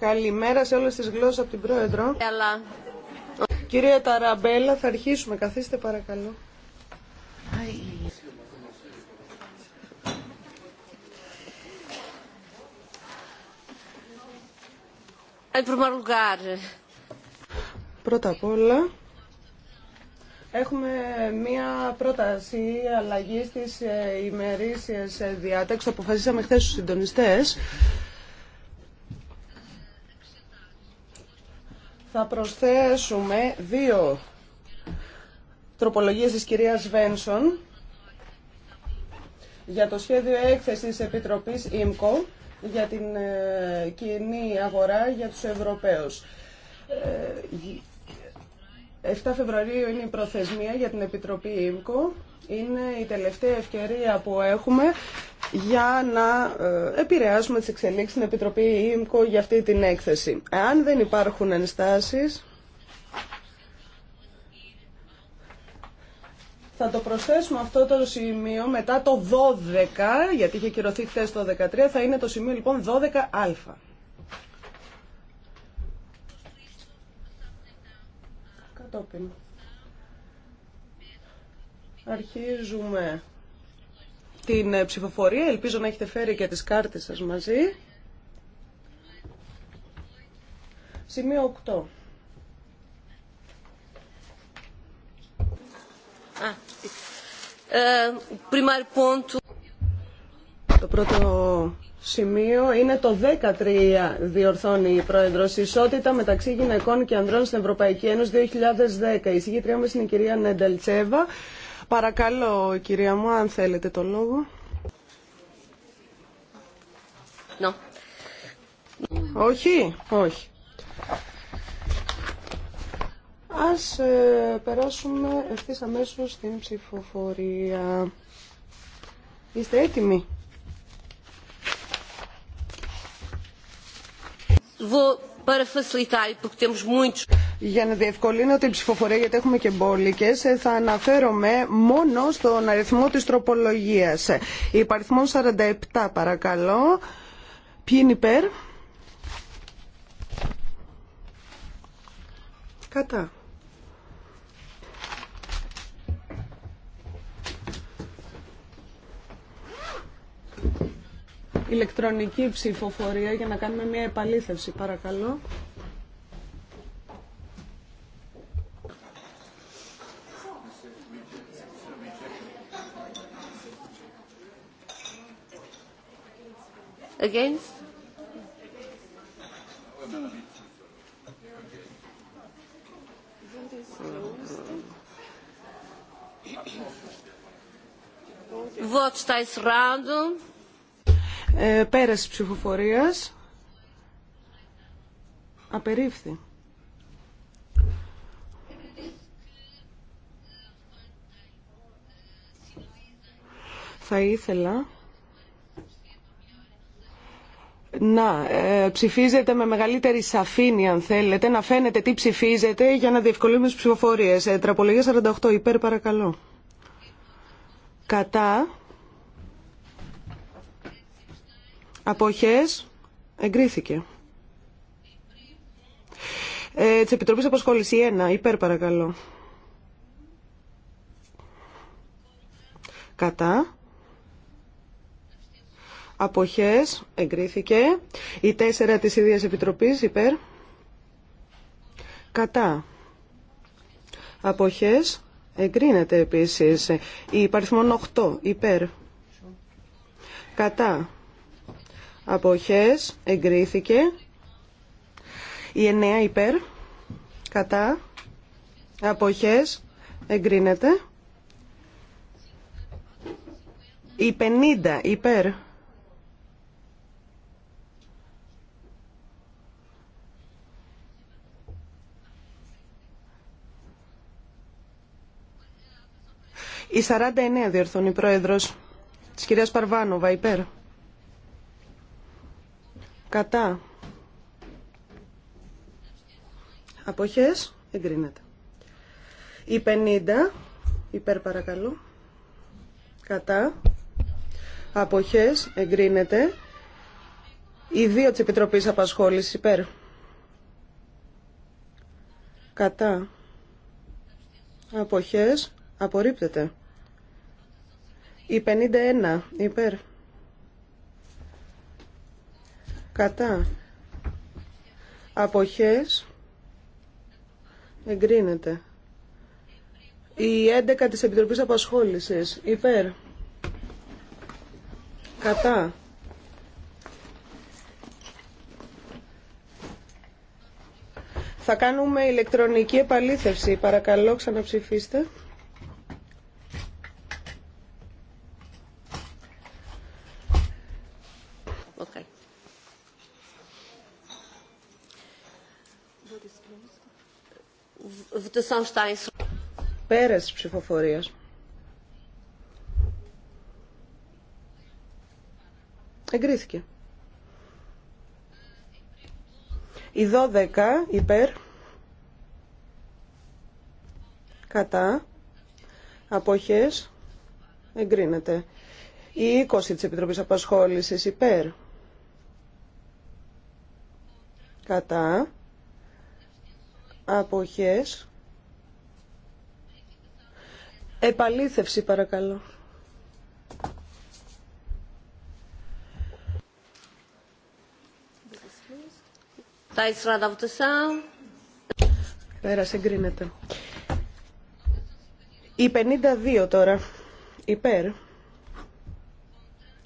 Καλημέρα σε όλες τις γλώσσες από την Πρόεδρο. Έλα. Κυρία Ταραμπέλα, θα αρχίσουμε. Καθίστε παρακαλώ. Πρώτα απ' όλα, Έχουμε μία πρόταση αλλαγή ε, ημερήσια διάταξη ε, διάταξης. Αποφασίσαμε χθε στους συντονιστέ. Θα προσθέσουμε δύο τροπολογίες της κυρίας Βένσον για το σχέδιο έκθεσης Επιτροπής ΙΜΚΟ για την ε, κοινή αγορά για τους Ευρωπαίους. 7 Φεβρουαρίου είναι η προθεσμία για την Επιτροπή ΙΜΚΟ. Είναι η τελευταία ευκαιρία που έχουμε για να ε, επηρεάσουμε τις εξελίξεις στην Επιτροπή ΙΜΚΟ για αυτή την έκθεση. Αν δεν υπάρχουν ενστάσεις, θα το προσθέσουμε αυτό το σημείο μετά το 12, γιατί είχε κυρωθεί χθε το 13, θα είναι το σημείο λοιπόν 12α. Αρχίζουμε την ε, ψηφοφορία. Ελπίζω να έχετε φέρει και τις κάρτες σας μαζί. Σημείο 8. Ε, ε, Το πρώτο σημείο είναι το 13, διορθώνει η Πρόεδρος, ισότητα μεταξύ γυναικών και ανδρών στην Ευρωπαϊκή Ένωση 2010. Η συγκεκριά μας είναι η κυρία Νενταλτσέβα Παρακαλώ, κυρία μου, αν θέλετε το λόγο. No. Όχι, όχι. Ας ε, περάσουμε ευθύς αμέσως στην ψηφοφορία. Είστε έτοιμοι. E Για να διευκολύνω την ψηφοφορία, γιατί έχουμε και μπόλικες, ε, θα αναφέρομαι μόνο στον αριθμό της τροπολογίας. Υπαριθμό 47, παρακαλώ. Ποιοι είναι υπέρ? Κατά. ηλεκτρονική ψηφοφορία για να κάνουμε μια επαλήθευση. Παρακαλώ. Against? Votes is random. Ε, πέραση ψηφοφορίας. Απερίφθη. Θα ήθελα να ε, ψηφίζετε με μεγαλύτερη σαφήνεια αν θέλετε, να φαίνεται τι ψηφίζετε για να διευκολύνουμε τις ψηφοφορίες. Ε, τραπολογία 48 υπέρ παρακαλώ. Κατά Αποχές. Εγκρίθηκε. Ε, της Επιτροπής η 1. Υπέρ παρακαλώ. Κατά. Αποχές. Εγκρίθηκε. Η 4 της ίδιας Επιτροπής. Υπέρ. Κατά. Αποχές. Εγκρίνεται επίσης. Η παριθμόν 8. Υπέρ. Κατά αποχές εγκρίθηκε η 9 υπέρ κατά αποχές εγκρίνεται η 50 υπέρ Η 49 διορθώνει πρόεδρος της κυρίας Παρβάνοβα υπέρ. Κατά. Αποχές. Εγκρίνεται. Η 50. Υπέρ παρακαλώ. Κατά. Αποχές. Εγκρίνεται. η 2 της Επιτροπής Απασχόλησης υπέρ. Κατά. Αποχές. Απορρίπτεται. Η 51. Υπέρ κατά αποχές εγκρίνεται η 11 της Επιτροπής Απασχόλησης υπέρ κατά Θα κάνουμε ηλεκτρονική επαλήθευση. Παρακαλώ ξαναψηφίστε. Πέρας ψηφοφορίας. Εγκρίθηκε. Η 12 υπέρ. Κατά. Αποχές. Εγκρίνεται. Η 20 της Επιτροπής Απασχόλησης υπέρ. Κατά. Αποχές. Επαλήθευση παρακαλώ. Πέρα, εγκρίνεται. Η 52 τώρα. Υπέρ.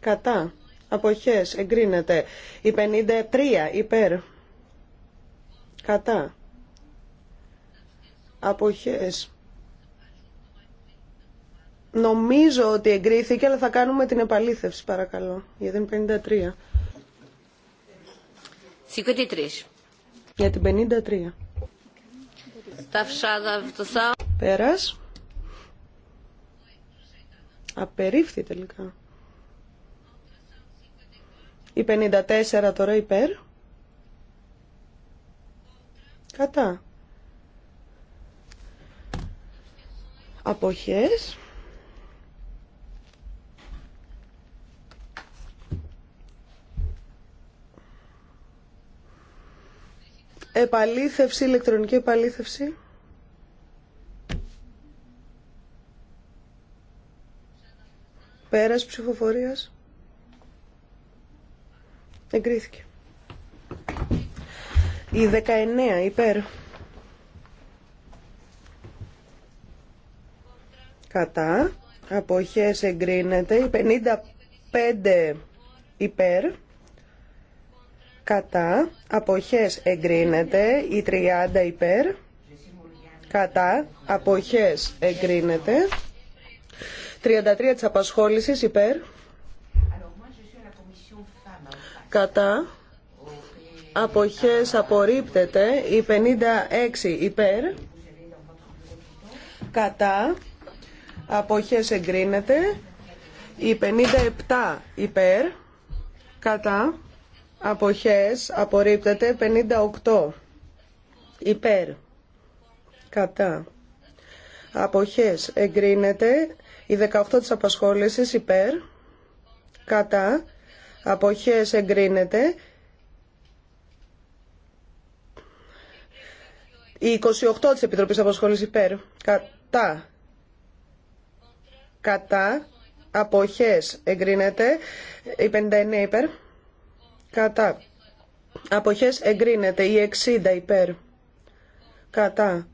Κατά. Αποχές. Εγκρίνεται. Η 53. Υπέρ. Κατά. Αποχές. Νομίζω ότι εγκρίθηκε, αλλά θα κάνουμε την επαλήθευση, παρακαλώ, για την 53. 53. Για την 53. Πέρας. Απερίφθη τελικά. Η 54 τώρα υπέρ. Κατά. Αποχές. επαλήθευση, ηλεκτρονική επαλήθευση. Πέρας ψηφοφορίας. Εγκρίθηκε. Η 19 υπέρ. Κατά. Αποχές εγκρίνεται. Η 55 υπέρ κατά, αποχές εγκρίνεται, η 30 υπέρ, κατά, αποχές εγκρίνεται, 33 της απασχόλησης υπέρ, κατά, αποχές απορρίπτεται, η 56 υπέρ, κατά, αποχές εγκρίνεται, η 57 υπέρ, κατά, Αποχές απορρίπτεται 58. Υπέρ. Κατά. Αποχές εγκρίνεται η 18 της απασχόλησης υπέρ. Κατά. Αποχές εγκρίνεται η 28 της Επιτροπής Απασχόλησης υπέρ. Κατά. Κατά. Αποχές εγκρίνεται η 59 υπέρ Κατά. Αποχές εγκρίνεται. Η 60 υπέρ. Κατά.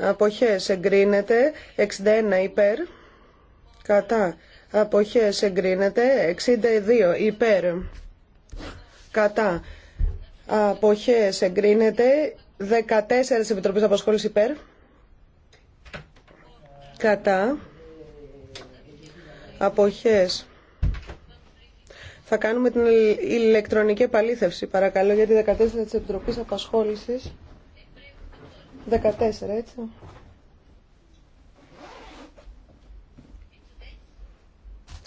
Αποχές εγκρίνεται. 61 υπέρ. Κατά. Αποχές εγκρίνεται. 62 υπέρ. Κατά. Αποχές εγκρίνεται. 14 Επιτροπής Απασχόληση υπέρ. Κατά. Αποχές θα κάνουμε την ηλεκτρονική επαλήθευση, παρακαλώ, για τη 14 της Επιτροπής Απασχόλησης. 14, έτσι.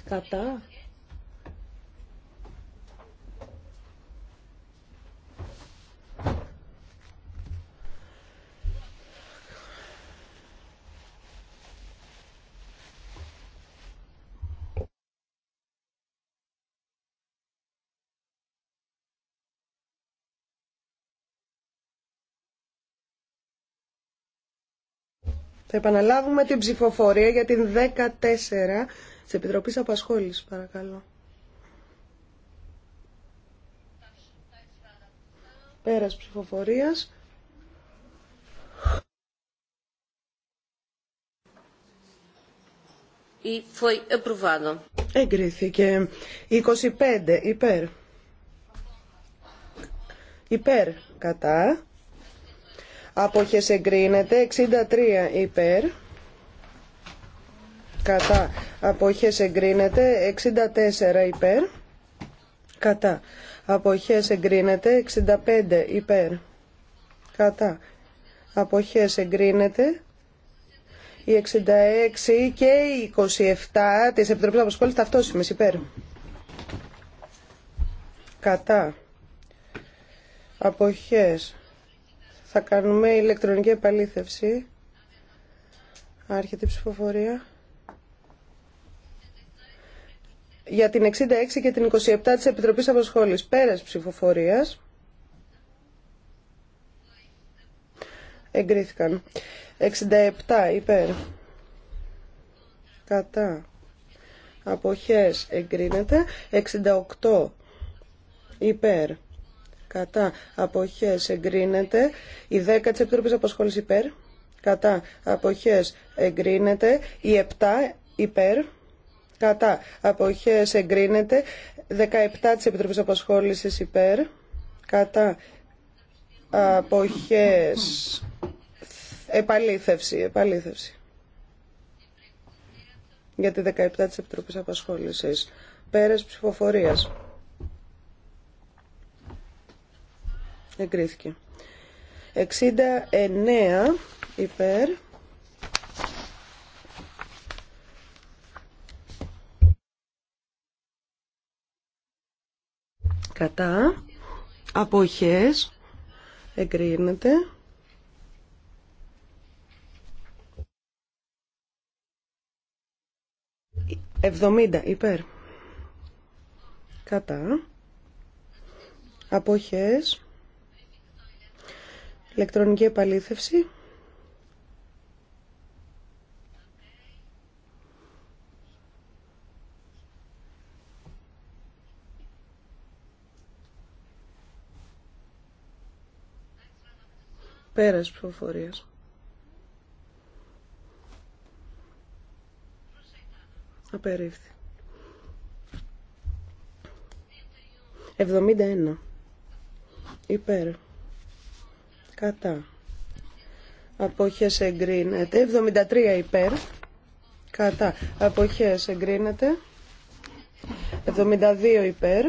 Κατά. Θα επαναλάβουμε την ψηφοφορία για την 14 της επιτροπή Απασχόλησης, παρακαλώ. Πέρας ψηφοφορίας. Εγκρίθηκε. 25 υπέρ. Υπέρ κατά αποχές εγκρίνεται 63 υπέρ κατά αποχές εγκρίνεται 64 υπέρ κατά αποχές εγκρίνεται 65 υπέρ κατά αποχές εγκρίνεται η 66 και η 27 της Επιτροπής Αποσχόλησης ταυτόσημες υπέρ κατά αποχές θα κάνουμε ηλεκτρονική επαλήθευση. Άρχεται η ψηφοφορία. Για την 66 και την 27 της Επιτροπής Αποσχόλης Πέρας ψηφοφορίας. Εγκρίθηκαν. 67 υπέρ. Κατά. Αποχές εγκρίνεται. 68 υπέρ κατά αποχές εγκρίνεται. Η 10 της Επιτροπής Απασχόλησης υπέρ, κατά αποχές εγκρίνεται. Η 7 υπέρ, κατά αποχές εγκρίνεται. 17 της Επιτροπής Απασχόλησης υπέρ, κατά αποχές επαλήθευση, επαλήθευση. Για τη 17 της Επιτροπής Απασχόλησης. πέρες ψηφοφορίας. Εγκρίθηκε. 69 υπέρ. Κατά. Αποχές. Εγκρίνεται. εβδομήντα υπέρ. Κατά. Αποχές. Ηλεκτρονική επαλήθευση. Πέρας ψηφοφορίας. Απερίφθη. 71. Υπέρ κατά αποχές εγκρίνεται 73 υπέρ κατά αποχές εγκρίνεται 72 υπέρ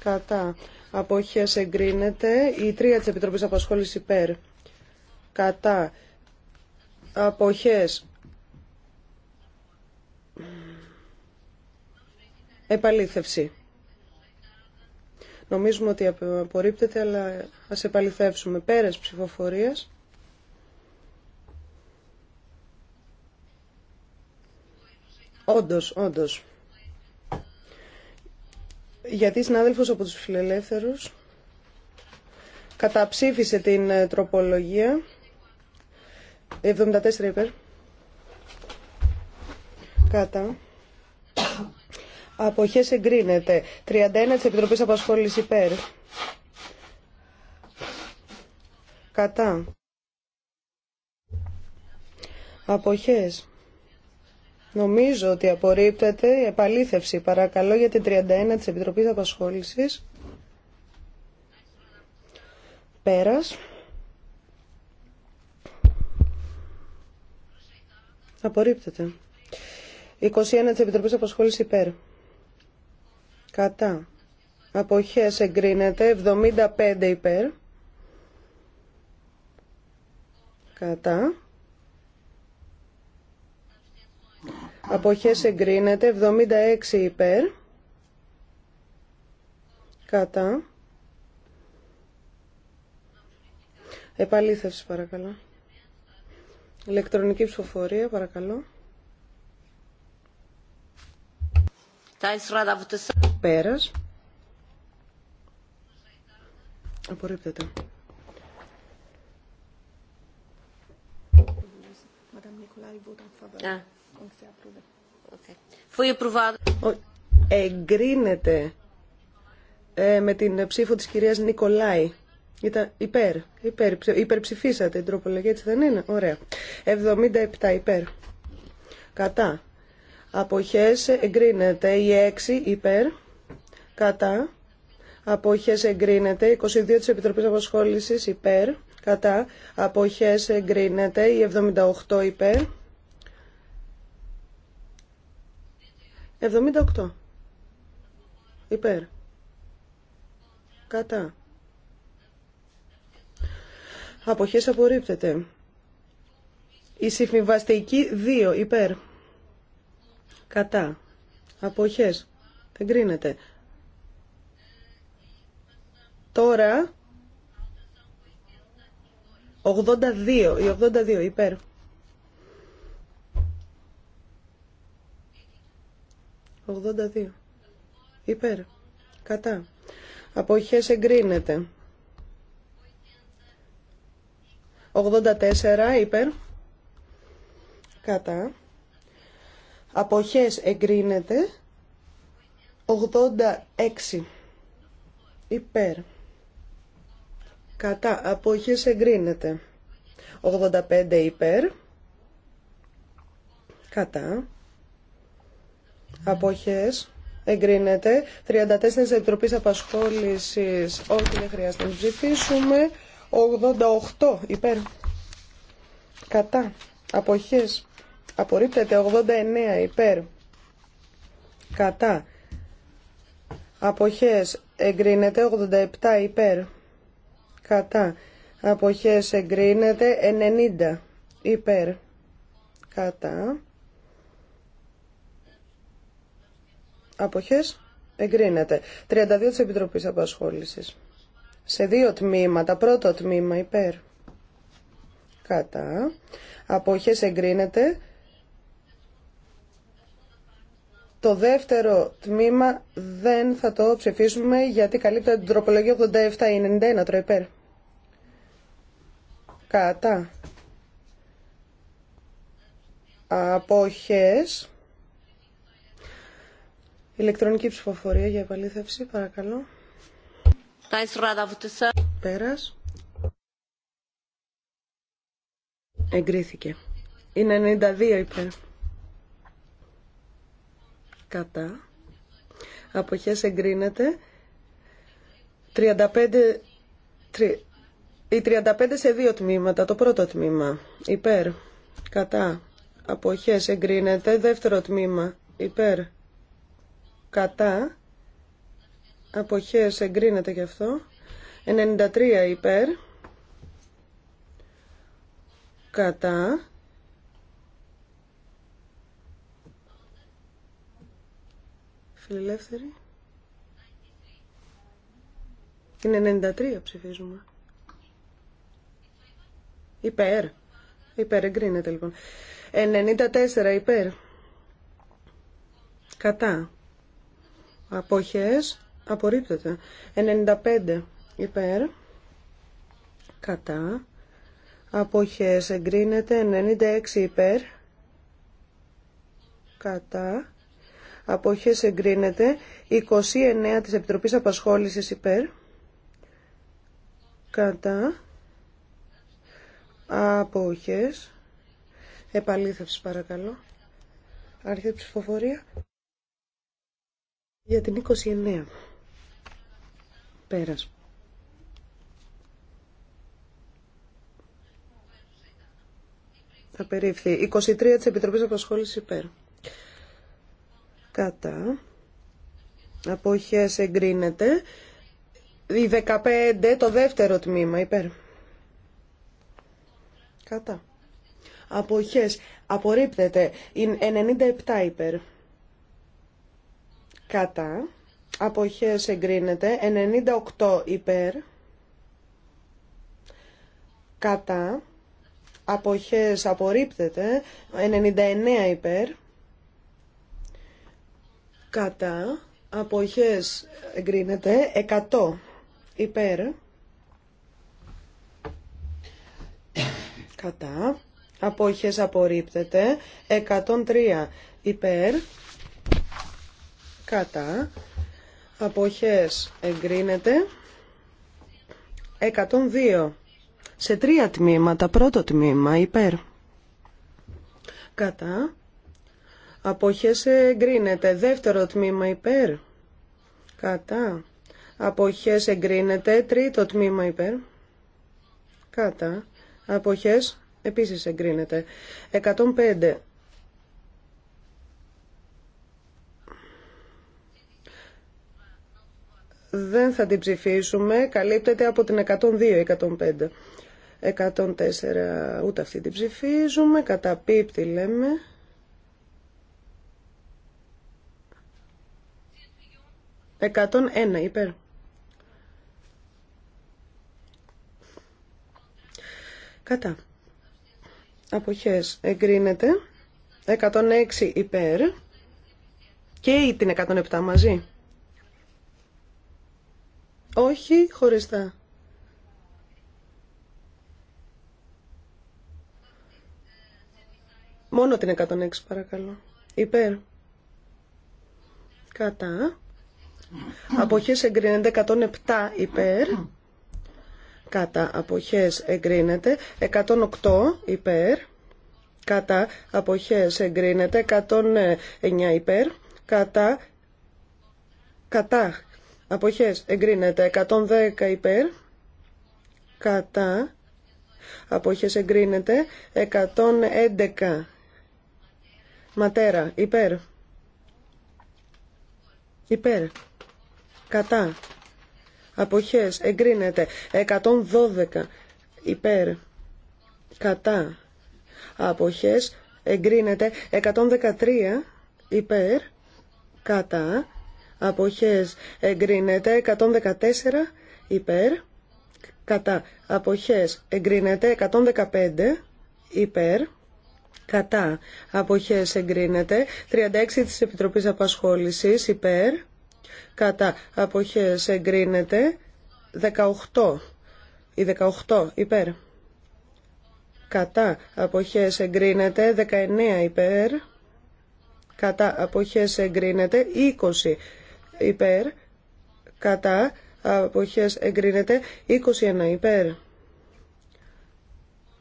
κατά αποχές εγκρίνεται η 3 της Επιτροπής Απασχόλησης υπέρ κατά αποχές επαλήθευση Νομίζουμε ότι απορρίπτεται, αλλά ας επαληθεύσουμε. Πέρας ψηφοφορίας. Όντως, όντως. Γιατί συνάδελφος από τους φιλελεύθερους καταψήφισε την ε, τροπολογία 74 υπέρ κατά Αποχές εγκρίνεται. 31 της Επιτροπής Απασχόλησης υπέρ. Κατά. Αποχές. Νομίζω ότι απορρίπτεται επαλήθευση. Παρακαλώ για την 31 της Επιτροπής Απασχόλησης. Πέρας. Απορρίπτεται. 21 της Επιτροπής Απασχόλησης υπέρ κατά αποχές εγκρίνεται 75 υπέρ κατά αποχές εγκρίνεται 76 υπέρ κατά επαλήθευση παρακαλώ ηλεκτρονική ψηφοφορία παρακαλώ Ah. Εγκρίνεται ε, με την ψήφο της κυρίας Νικολάη. Ήταν υπέρ, υπέρ, υπερψηφίσατε την τροπολογία, έτσι δεν είναι. Ωραία. 77 υπέρ. Κατά. Αποχές εγκρίνεται η 6 υπέρ. Κατά. Αποχές εγκρίνεται 22 της Επιτροπής Αποσχόλησης, υπέρ. Κατά. Αποχές εγκρίνεται η 78 υπέρ. 78. Υπέρ. Κατά. Αποχές απορρίπτεται. Η συμφιβαστική 2 υπέρ. Κατά. Αποχές. Εγκρίνεται. Τώρα 82, η 82 υπέρ. 82 Υπέρ. Κατά. Αποχές εγκρίνεται. 84 υπέρ. Κατά. Αποχές εγκρίνεται. 86 υπέρ. Κατά. Αποχές εγκρίνεται. 85 υπέρ. Κατά. Αποχές εγκρίνεται. 34 Επιτροπής Απασχόλησης. ό,τι δεν χρειάζεται να ψηφίσουμε. 88 υπέρ. Κατά. Αποχές Απορρίπτεται 89 υπέρ. Κατά. Αποχές εγκρίνεται 87 υπέρ. Κατά. Αποχές εγκρίνεται 90 υπέρ. Κατά. Αποχές εγκρίνεται. 32 της Επιτροπής Απασχόλησης. Σε δύο τμήματα. Πρώτο τμήμα υπέρ. Κατά. Αποχές εγκρίνεται. Το δεύτερο τμήμα δεν θα το ψηφίσουμε γιατί καλύπτει την τροπολογία 87-91 τροιπέρ. Κατά. Αποχές. Ηλεκτρονική ψηφοφορία για επαλήθευση, παρακαλώ. Πέρας. Εγκρίθηκε. Είναι 92 υπέρ κατά αποχές εγκρίνεται 35 35 σε δύο τμήματα, το πρώτο τμήμα, υπέρ, κατά, αποχές εγκρίνεται, δεύτερο τμήμα, υπέρ, κατά, αποχές εγκρίνεται γι' αυτό, 93 υπέρ, κατά, φιλελεύθεροι. Είναι 93 ψηφίζουμε. Υπέρ. Υπέρ εγκρίνεται λοιπόν. 94 υπέρ. Κατά. Αποχές. Απορρίπτεται. 95 υπέρ. Κατά. Αποχές εγκρίνεται. 96 υπέρ. Κατά αποχές εγκρίνεται 29 της Επιτροπής Απασχόλησης υπέρ κατά αποχές επαλήθευση παρακαλώ άρχεται ψηφοφορία για την 29 πέρας απερίφθη 23 της Επιτροπής Απασχόλησης υπέρ κατά αποχές εγκρίνεται η 15 το δεύτερο τμήμα υπέρ κατά αποχές απορρίπτεται η 97 υπέρ κατά αποχές εγκρίνεται 98 υπέρ κατά αποχές απορρίπτεται 99 υπέρ κατά, αποχές εγκρίνεται, 100 υπέρ, κατά, αποχές απορρίπτεται, 103 υπέρ, κατά, αποχές εγκρίνεται, 102 σε τρία τμήματα, πρώτο τμήμα υπέρ, κατά, Αποχές εγκρίνεται. Δεύτερο τμήμα υπέρ. Κατά. Αποχές εγκρίνεται. Τρίτο τμήμα υπέρ. Κατά. Αποχές επίσης εγκρίνεται. 105. Δεν θα την ψηφίσουμε. Καλύπτεται από την 102, 105. 104 ούτε αυτή την ψηφίζουμε. Καταπίπτει λέμε. 101 υπέρ. Κατά. Αποχές εγκρίνεται. 106 υπέρ. Και ή την 107 μαζί. Όχι χωριστά. Μόνο την 106 παρακαλώ. Υπέρ. Κατά αποχές εγκρίνεται 107 υπέρ κατά αποχές εγκρίνεται 108 υπέρ κατά αποχές εγκρίνεται 109 υπέρ κατά κατά αποχές εγκρίνεται 110 υπέρ κατά αποχές εγκρίνεται 111 ματέρα υπέρ υπέρ κατά αποχές εγκρίνεται 112 υπέρ κατά αποχές εγκρίνεται 113 υπέρ κατά αποχές εγκρίνεται 114 υπέρ κατά αποχές εγκρίνεται 115 υπέρ κατά αποχές εγκρίνεται 36 της Επιτροπής Απασχόλησης υπέρ κατά αποχές εγκρίνεται 18 η 18 υπέρ κατά αποχές εγκρίνεται 19 υπέρ κατά αποχές εγκρίνεται 20 υπέρ κατά αποχές εγκρίνεται 21 υπέρ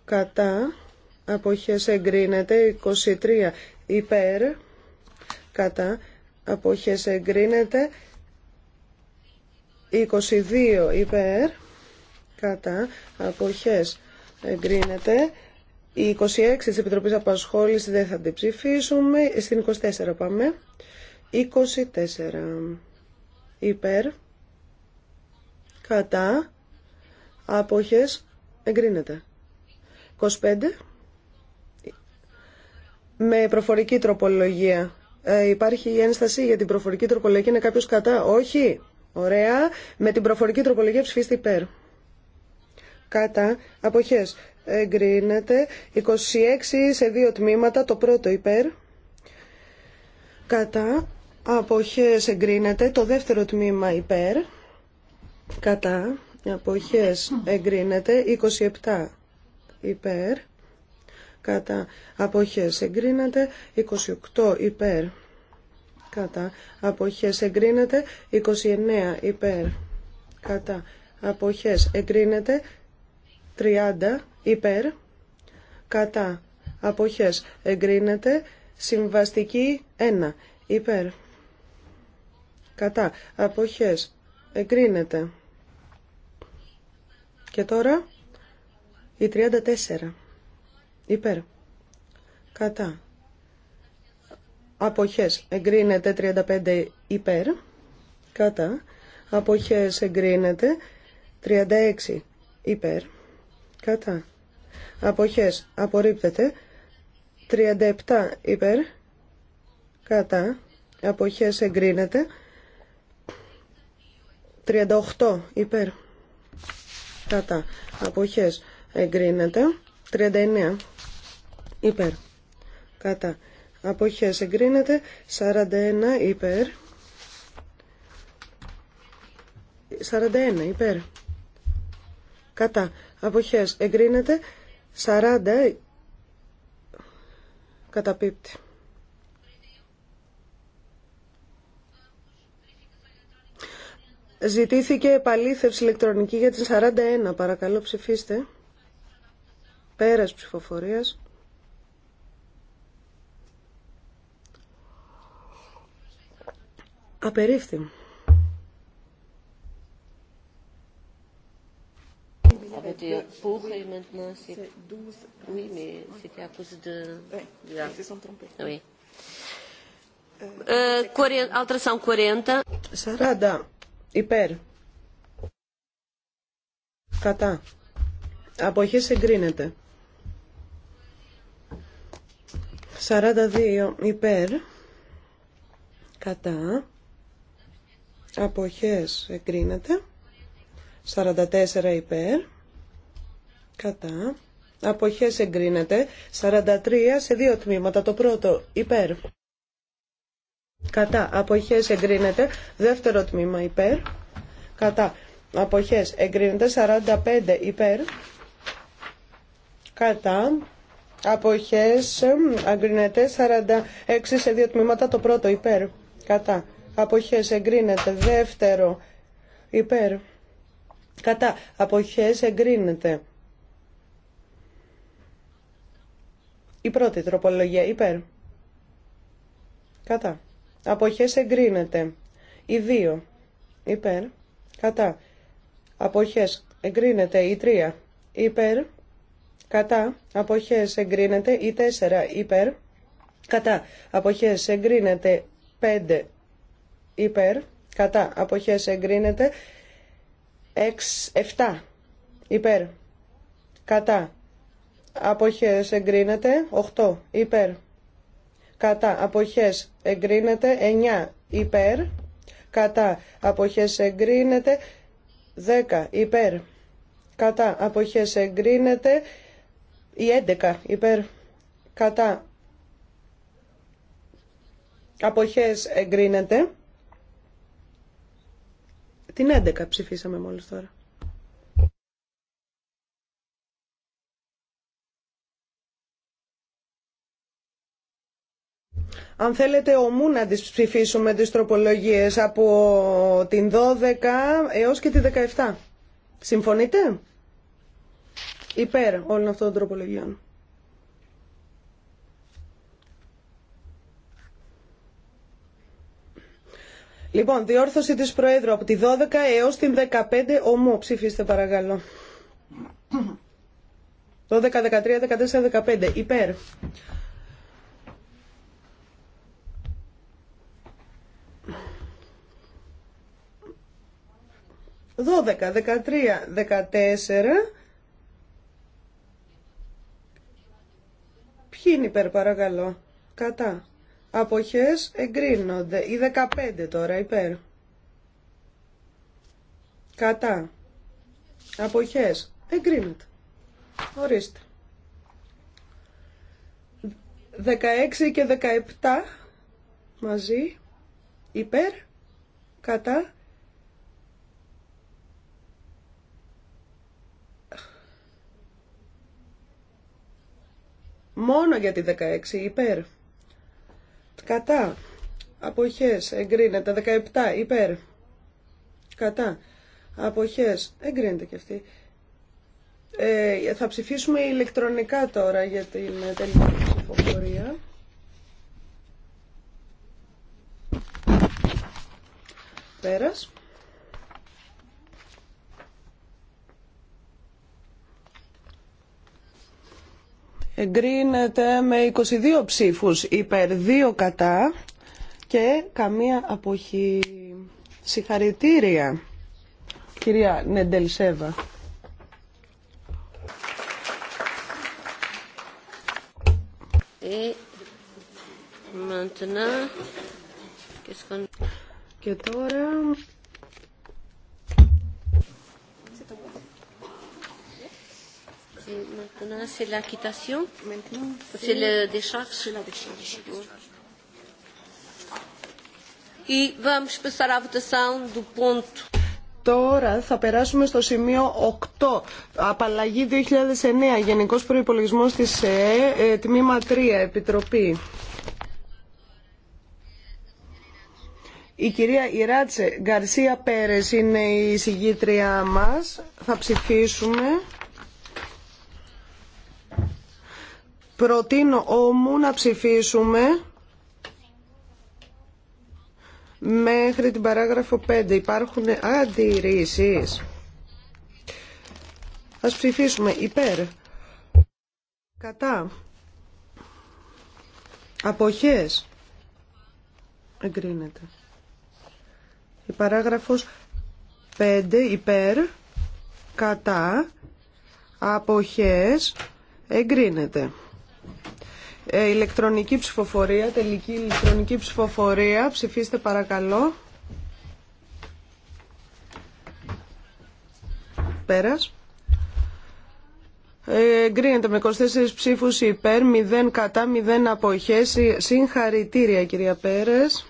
κατά αποχές εγκρίνεται 23 υπέρ κατά αποχές εγκρίνεται 22 υπέρ κατά αποχές εγκρίνεται 26 της Επιτροπής απασχόληση δεν θα την ψηφίσουμε στην 24 πάμε 24 υπέρ κατά αποχές εγκρίνεται 25 με προφορική τροπολογία ε, υπάρχει η ένσταση για την προφορική τροπολογία. Είναι κάποιο κατά. Όχι. Ωραία. Με την προφορική τροπολογία ψηφίστε υπέρ. Κατά. Αποχές. Εγκρίνεται. 26 σε δύο τμήματα. Το πρώτο υπέρ. Κατά. Αποχές εγκρίνεται. Το δεύτερο τμήμα υπέρ. Κατά. Αποχές εγκρίνεται. 27 υπέρ κατά αποχές εγκρίνεται 28 υπέρ κατά αποχές εγκρίνεται 29 υπέρ κατά αποχές εγκρίνεται 30 υπέρ κατά αποχές εγκρίνεται συμβαστική 1 υπέρ κατά αποχές εγκρίνεται και τώρα η 34 Υπέρ. Κατά. Αποχές εγκρίνεται 35 υπέρ. Κατά. Αποχές εγκρίνεται 36 υπέρ. Κατά. Αποχές απορρίπτεται 37 υπέρ. Κατά. Αποχές εγκρίνεται 38 υπέρ. Κατά. Αποχές εγκρίνεται 39 υπέρ. Κατά. Αποχές εγκρίνεται 41 υπέρ. 41 υπέρ. Κατά. Αποχές εγκρίνεται 40 καταπίπτει. Ζητήθηκε επαλήθευση ηλεκτρονική για την 41. Παρακαλώ ψηφίστε. Πέρας ψηφοφορίας. Απερίφθη. 40, 40. Euh, euh, υπέρ. Κατά. Αποχή συγκρίνεται. 42 υπέρ. Κατά αποχές εγκρίνεται 44 υπέρ κατά αποχές εγκρίνεται 43 σε δύο τμήματα το πρώτο υπέρ κατά αποχές εγκρίνεται δεύτερο τμήμα υπέρ κατά αποχές εγκρίνεται 45 υπέρ κατά αποχές εγκρίνεται 46 σε δύο τμήματα το πρώτο υπέρ κατά αποχές εγκρίνεται. Δεύτερο υπέρ κατά αποχές εγκρίνεται. Η πρώτη τροπολογία υπέρ κατά αποχές εγκρίνεται. Η δύο υπέρ κατά αποχές εγκρίνεται. Η τρία υπέρ κατά αποχές εγκρίνεται. Η τέσσερα υπέρ κατά αποχές εγκρίνεται. Πέντε υπέρ, κατά, αποχές εγκρίνεται. 6 7 υπέρ, κατά, αποχές εγκρίνεται. 8 υπέρ, κατά, αποχές εγκρίνεται. 9 υπέρ, κατά, αποχές εγκρίνεται. 10 υπέρ, κατά, αποχές εγκρίνεται. 11 υπέρ, κατά, αποχές εγκρίνεται. Την 11 ψηφίσαμε μόλις τώρα. Αν θέλετε ομού να τις ψηφίσουμε τις τροπολογίες από την 12 έως και την 17. Συμφωνείτε? Υπέρ όλων αυτών των τροπολογιών. Λοιπόν, διόρθωση της Προέδρου από τη 12 έως την 15 ομού. Ψηφίστε παρακαλώ. 12, 13, 14, 15. Υπέρ. 12, 13, 14. Ποιοι είναι υπέρ παρακαλώ. Κατά αποχές εγκρίνονται. Η 15 τώρα υπέρ. Κατά. Αποχές εγκρίνονται. Ορίστε. 16 και 17 μαζί υπέρ. Κατά. Μόνο για τη 16 υπέρ κατά, αποχές, εγκρίνεται, 17, υπέρ, κατά, αποχές, εγκρίνεται και αυτή. Ε, θα ψηφίσουμε ηλεκτρονικά τώρα για την τελική ψηφοφορία. Πέρας. Εγκρίνεται με 22 ψήφους υπέρ 2 κατά και καμία αποχή. Συγχαρητήρια, κυρία Νεντελσέβα. Και τώρα Τώρα θα περάσουμε στο σημείο 8. Απαλλαγή 2009. Γενικό προπολογισμό τη ΕΕ, ε, τμήμα 3, Επιτροπή. Η κυρία Ιράτσε Γκαρσία Πέρες είναι η συγγήτριά μας. Θα ψηφίσουμε. Προτείνω όμου να ψηφίσουμε μέχρι την παράγραφο 5. Υπάρχουν αντιρρήσεις. Ας ψηφίσουμε υπέρ. Κατά. Αποχές. Εγκρίνεται. Η παράγραφος 5 υπέρ. Κατά. Αποχές. Εγκρίνεται. Ε, ηλεκτρονική ψηφοφορία, τελική ηλεκτρονική ψηφοφορία. Ψηφίστε παρακαλώ. Πέρας. Ε, εγκρίνεται με 24 ψήφους υπέρ, 0 κατά, 0 αποχές. Συγχαρητήρια κυρία Πέρες.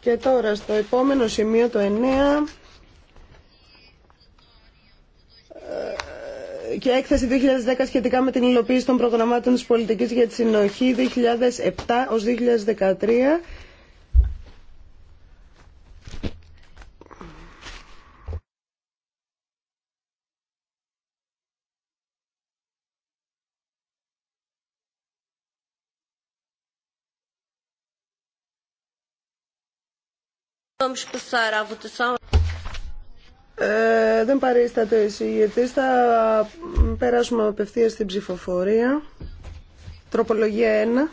Και τώρα στο επόμενο σημείο το 9... και έκθεση 2010 σχετικά με την υλοποίηση των προγραμμάτων της πολιτικής για τη συνοχή 2007 ως 2013. Ε, δεν παρίσταται ο γιατί Θα περάσουμε απευθεία στην ψηφοφορία. Τροπολογία 1.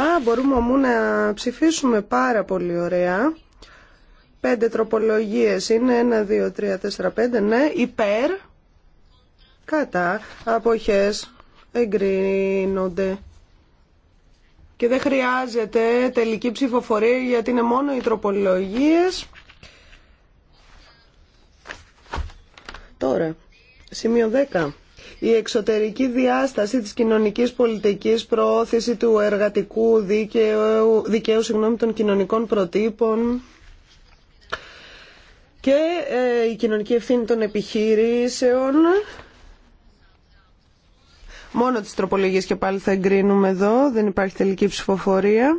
Α, μπορούμε όμως να ψηφίσουμε πάρα πολύ ωραία. Πέντε τροπολογίες είναι. 1, 2, 3, 4, 5. Ναι, υπέρ. Κατά. Αποχές. Εγκρίνονται. Και δεν χρειάζεται τελική ψηφοφορία γιατί είναι μόνο οι τροπολογίες. Τώρα, σημείο 10. Η εξωτερική διάσταση της κοινωνικής πολιτικής προώθηση του εργατικού δικαίου, δικαίου συγγνώμη, των κοινωνικών προτύπων και ε, η κοινωνική ευθύνη των επιχειρήσεων. Μόνο τις τροπολογίες και πάλι θα εγκρίνουμε εδώ. Δεν υπάρχει τελική ψηφοφορία.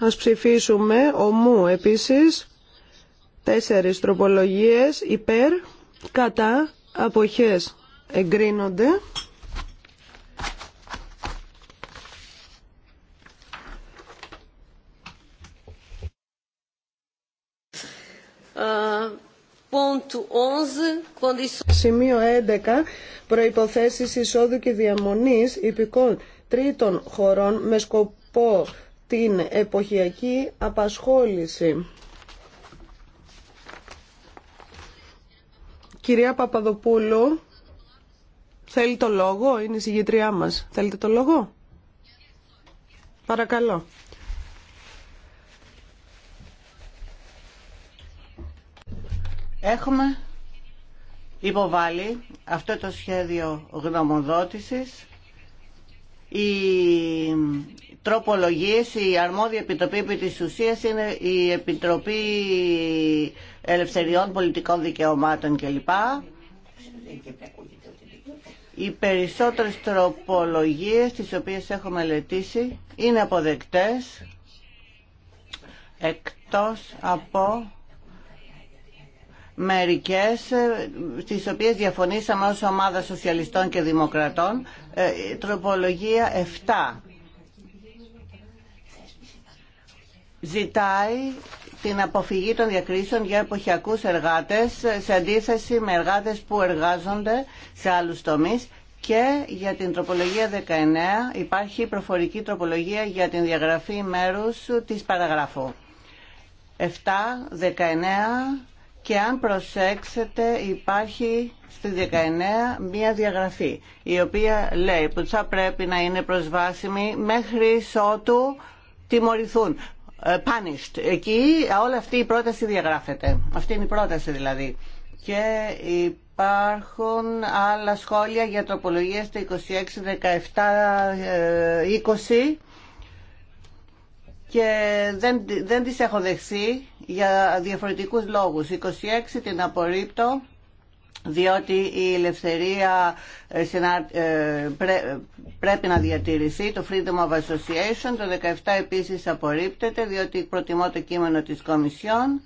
Ας ψηφίσουμε ομού επίσης Τέσσερις τροπολογίες υπέρ, κατά, αποχές εγκρίνονται. Σημείο 11. Προϋποθέσεις εισόδου και διαμονής υπηκών τρίτων χωρών με σκοπό την εποχιακή απασχόληση. Κυρία Παπαδοπούλου, θέλει το λόγο, είναι η συγγετριά μας. Θέλετε το λόγο? Παρακαλώ. Έχουμε υποβάλει αυτό το σχέδιο γνωμοδότησης. Η τροπολογίες η αρμόδια επιτροπή επί της ουσίας είναι η Επιτροπή Ελευθεριών Πολιτικών Δικαιωμάτων κλπ. Οι περισσότερες τροπολογίες τις οποίες έχω μελετήσει είναι αποδεκτές εκτός από μερικές ε, τις οποίες διαφωνήσαμε ως ομάδα σοσιαλιστών και δημοκρατών ε, τροπολογία 7 ζητάει την αποφυγή των διακρίσεων για εποχιακούς εργάτες σε αντίθεση με εργάτες που εργάζονται σε άλλους τομείς και για την τροπολογία 19 υπάρχει προφορική τροπολογία για την διαγραφή μέρους της παραγράφου. 7, 19 και αν προσέξετε υπάρχει στη 19 μία διαγραφή η οποία λέει που θα πρέπει να είναι προσβάσιμη μέχρι ότου τιμωρηθούν punished. Εκεί όλη αυτή η πρόταση διαγράφεται. Αυτή είναι η πρόταση δηλαδή. Και υπάρχουν άλλα σχόλια για τροπολογίες το 26, 17, 20 και δεν, δεν τις έχω δεχθεί για διαφορετικούς λόγους. 26 την απορρίπτω, διότι η ελευθερία ε, ε, πρέπει να διατηρηθεί, το Freedom of Association, το 17 επίσης απορρίπτεται, διότι προτιμώ το κείμενο της Κομισιόν,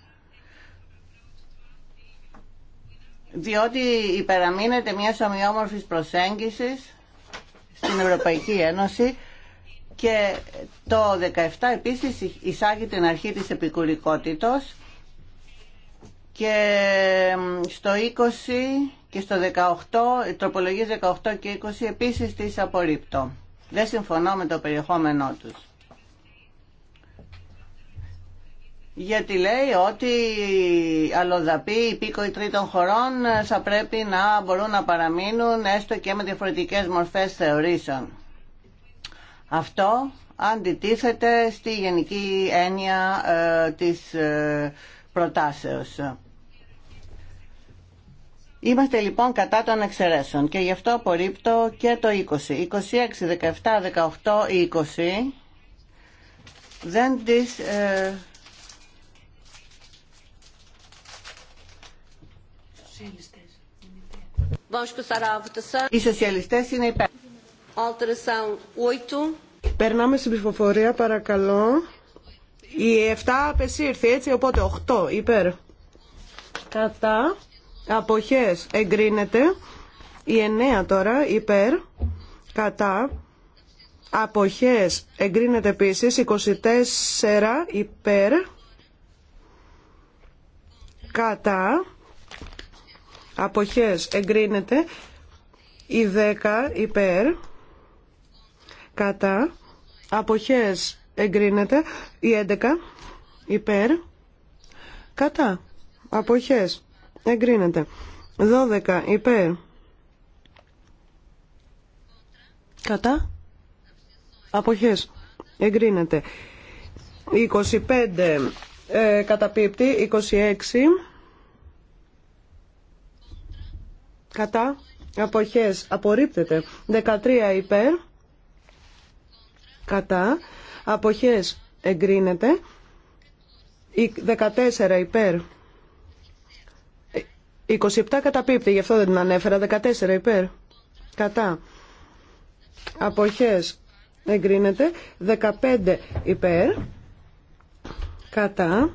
διότι υπεραμείνεται μια ομοιόμορφης προσέγγισης στην Ευρωπαϊκή Ένωση και το 17 επίσης εισάγει την αρχή της επικουρικότητος και στο 20 και στο 18, τροπολογίες 18 και 20 επίσης τις απορρίπτω. Δεν συμφωνώ με το περιεχόμενό τους. Γιατί λέει ότι οι αλλοδαποί, οι τρίτων χωρών ε, θα πρέπει να μπορούν να παραμείνουν έστω και με διαφορετικές μορφές θεωρήσεων. Αυτό αντιτίθεται στη γενική έννοια ε, της ε, προτάσεως. Είμαστε λοιπόν κατά των εξαιρέσεων και γι' αυτό απορρίπτω και το 20. 26, 17, 18, 20 δεν τις ε, Οι σοσιαλιστές είναι υπέρ. Περνάμε στην ψηφοφορία παρακαλώ. Η 7 απεσύρθη έτσι οπότε 8 υπέρ. Κατά. Αποχές εγκρίνεται. Η 9 τώρα υπέρ. Κατά. Αποχές εγκρίνεται επίσης 24 υπέρ. Κατά. Αποχές εγκρίνεται η 10 υπέρ. Κατά. Αποχές εγκρίνεται. Η 11 υπέρ κατά αποχές εγκρίνεται. 12 υπέρ κατά αποχές εγκρίνεται. 25 ε, καταπίπτει 26 κατά αποχές απορρίπτεται 13 υπέρ κατά αποχές εγκρίνεται. 14 υπέρ. 27 καταπίπτει, γι' αυτό δεν την ανέφερα. 14 υπέρ. Κατά. Αποχές εγκρίνεται. 15 υπέρ. Κατά.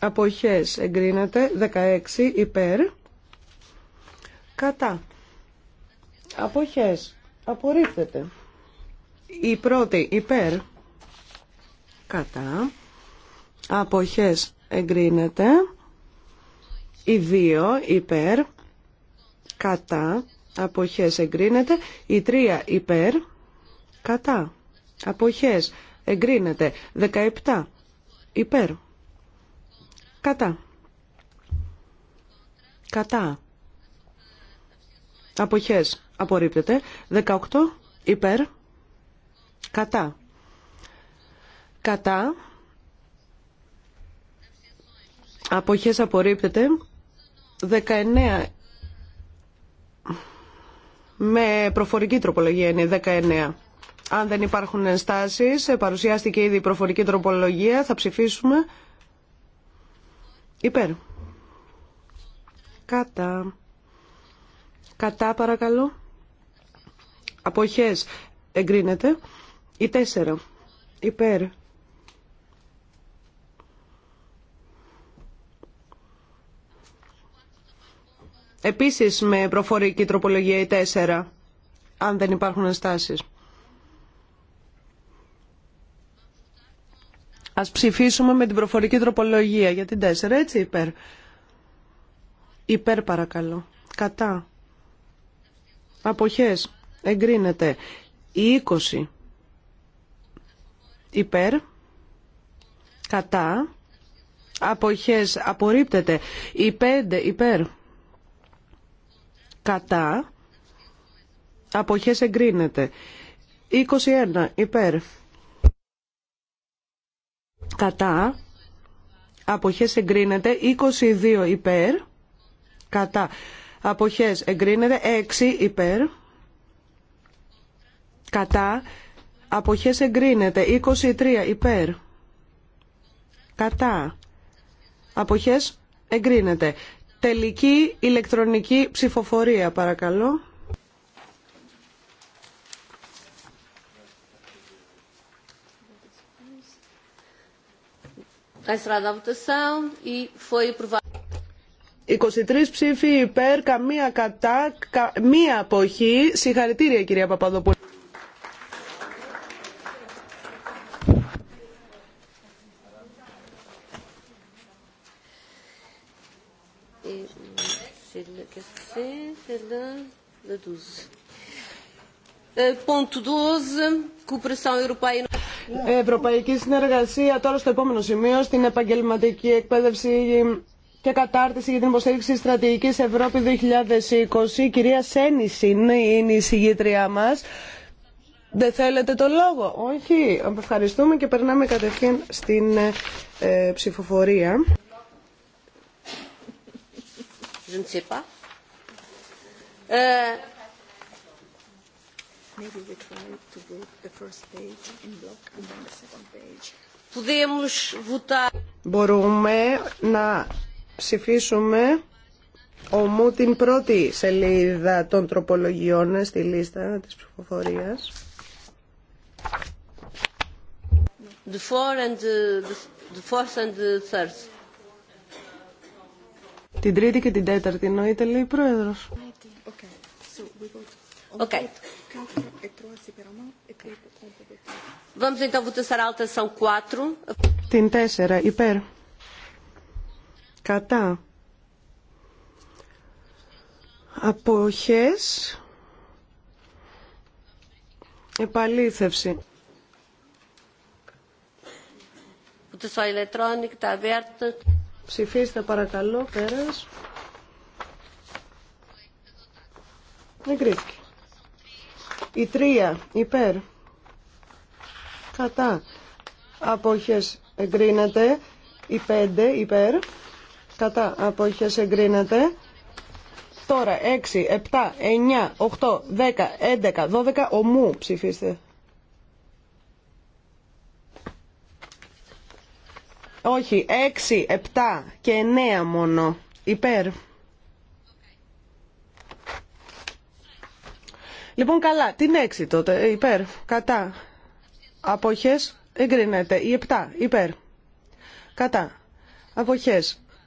Αποχές εγκρίνεται. 16 υπέρ. Κατά. Αποχές. Απορρίπτεται. Η πρώτη υπέρ κατά αποχές εγκρίνεται. Η δύο υπέρ κατά αποχές εγκρίνεται. Η τρία υπέρ κατά αποχές εγκρίνεται. 17 υπέρ κατά κατά αποχές απορρίπτεται. 18 υπέρ Κατά. Κατά. Αποχές απορρίπτεται. 19. Με προφορική τροπολογία είναι 19. Αν δεν υπάρχουν ενστάσεις, παρουσιάστηκε ήδη η προφορική τροπολογία, θα ψηφίσουμε υπέρ. Κατά. Κατά παρακαλώ. Αποχές εγκρίνεται. Η τέσσερα. Υπέρ. Επίσης με προφορική τροπολογία η τέσσερα. αν δεν υπάρχουν αστάσεις. Ας ψηφίσουμε με την προφορική τροπολογία για την τέσσερα. έτσι υπέρ. Υπέρ παρακαλώ. Κατά. Αποχές. Εγκρίνεται. Η είκοσι υπέρ, κατά, αποχές απορρίπτεται, η 5 υπέρ, κατά, αποχές εγκρίνεται, 21 υπέρ, κατά, αποχές εγκρίνεται, 22 υπέρ, κατά, αποχές εγκρίνεται, 6 υπέρ, κατά, Αποχές εγκρίνεται. 23 υπέρ. Κατά. Αποχές εγκρίνεται. Τελική ηλεκτρονική ψηφοφορία παρακαλώ. Η 23 ψήφοι υπέρ, καμία κατά, μία αποχή. Συγχαρητήρια κυρία Παπαδοπούλου. Euh, Ευρωπαϊκή συνεργασία τώρα στο επόμενο σημείο στην επαγγελματική εκπαίδευση και κατάρτιση για την υποστήριξη στρατηγική Ευρώπη 2020. Η κυρία Σένισιν είναι η συγγήτριά μα. Δεν θέλετε το λόγο. Όχι. Ευχαριστούμε και περνάμε κατευθείαν στην ε, ψηφοφορία. δεν Μπορούμε να ψηφίσουμε ομού την πρώτη σελίδα των τροπολογιών στη λίστα της ψηφοφορίας. Την τρίτη και την τέταρτη εννοείται, λέει η Πρόεδρος. Vamos então votar 4. Την τέσσερα Υπέρ. Κατά. Αποχές. Επαλήθευση. Ψηφίστε παρακαλώ, πέρας. Εγκρίθηκε. Η τρία υπέρ κατά απόχες εγκρίνεται. Η πέντε υπέρ κατά απόχες εγκρίνεται. Τώρα 6, 7, 9, 8, 10, 11, 12 ομού ψηφίστε. Όχι, 6, 7 και 9 μόνο. Υπέρ. Λοιπόν, καλά. Την έξι τότε. Ε, υπέρ. Κατά. απόχέ, Εγκρίνεται. Η 7. Υπέρ. Κατά. Αποχέ.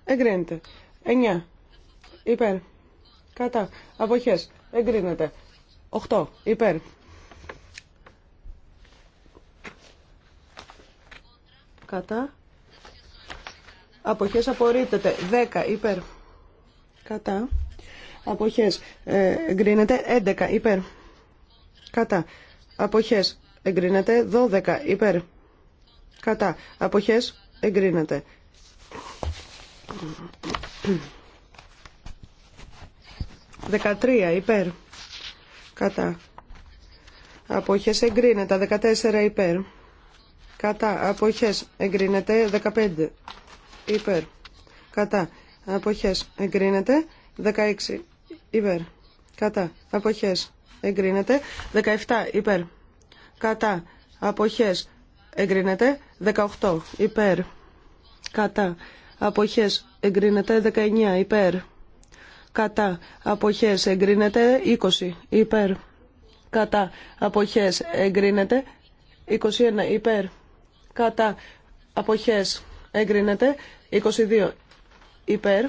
Εγκρίνεται. 9. Υπέρ. Κατά. Αποχέ. Εγκρίνεται. 8. Υπέρ. Κατά. Αποχέ απορρίπτεται. 10. Υπέρ. Κατά. απόχέ. Ε, εγκρίνεται. 11. Υπέρ. Κατά. Αποχές. Εγκρίνεται. 12. Υπέρ. Κατά. Αποχές. Εγκρίνεται. 13 υπέρ. Κατά. Αποχές εγκρίνεται. 14 υπέρ. Κατά. Αποχές εγκρίνεται. 15 υπέρ. Κατά. Αποχές εγκρίνεται. 16 υπέρ. Κατά. Αποχές εγκρίνεται. 17 υπέρ. Κατά. Αποχές εγκρίνεται. 18 υπέρ. Κατά. Αποχές εγκρίνεται. 19 υπέρ. Κατά. Αποχές εγκρίνεται. 20 υπέρ. Κατά. Αποχές εγκρίνεται. 21 υπέρ. Κατά. Αποχές εγκρίνεται. 22 υπέρ.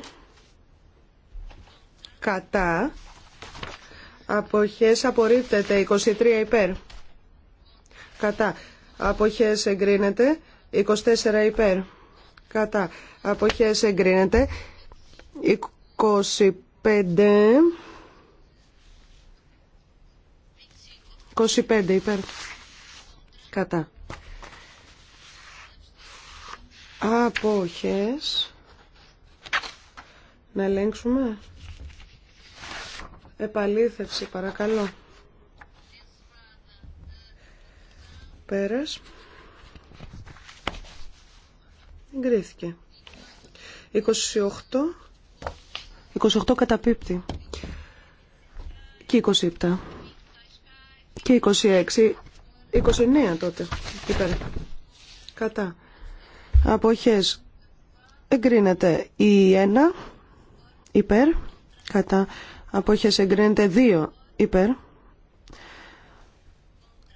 Κατά. Αποχές απορρίπτεται. 23 υπέρ. Κατά. Αποχές εγκρίνεται. 24 υπέρ. Κατά. Αποχές εγκρίνεται. 25. 25 υπέρ. Κατά. Αποχές. Να ελέγξουμε. Επαλήθευση παρακαλώ. Πέρας. Εγκρίθηκε. 28. 28 καταπίπτει. Και 27. Και 26. 29 τότε. Υπέρ. Κατά. Αποχές. Εγκρίνεται η 1. Υπέρ. Κατά απόχες εγκρίνεται 2 υπέρ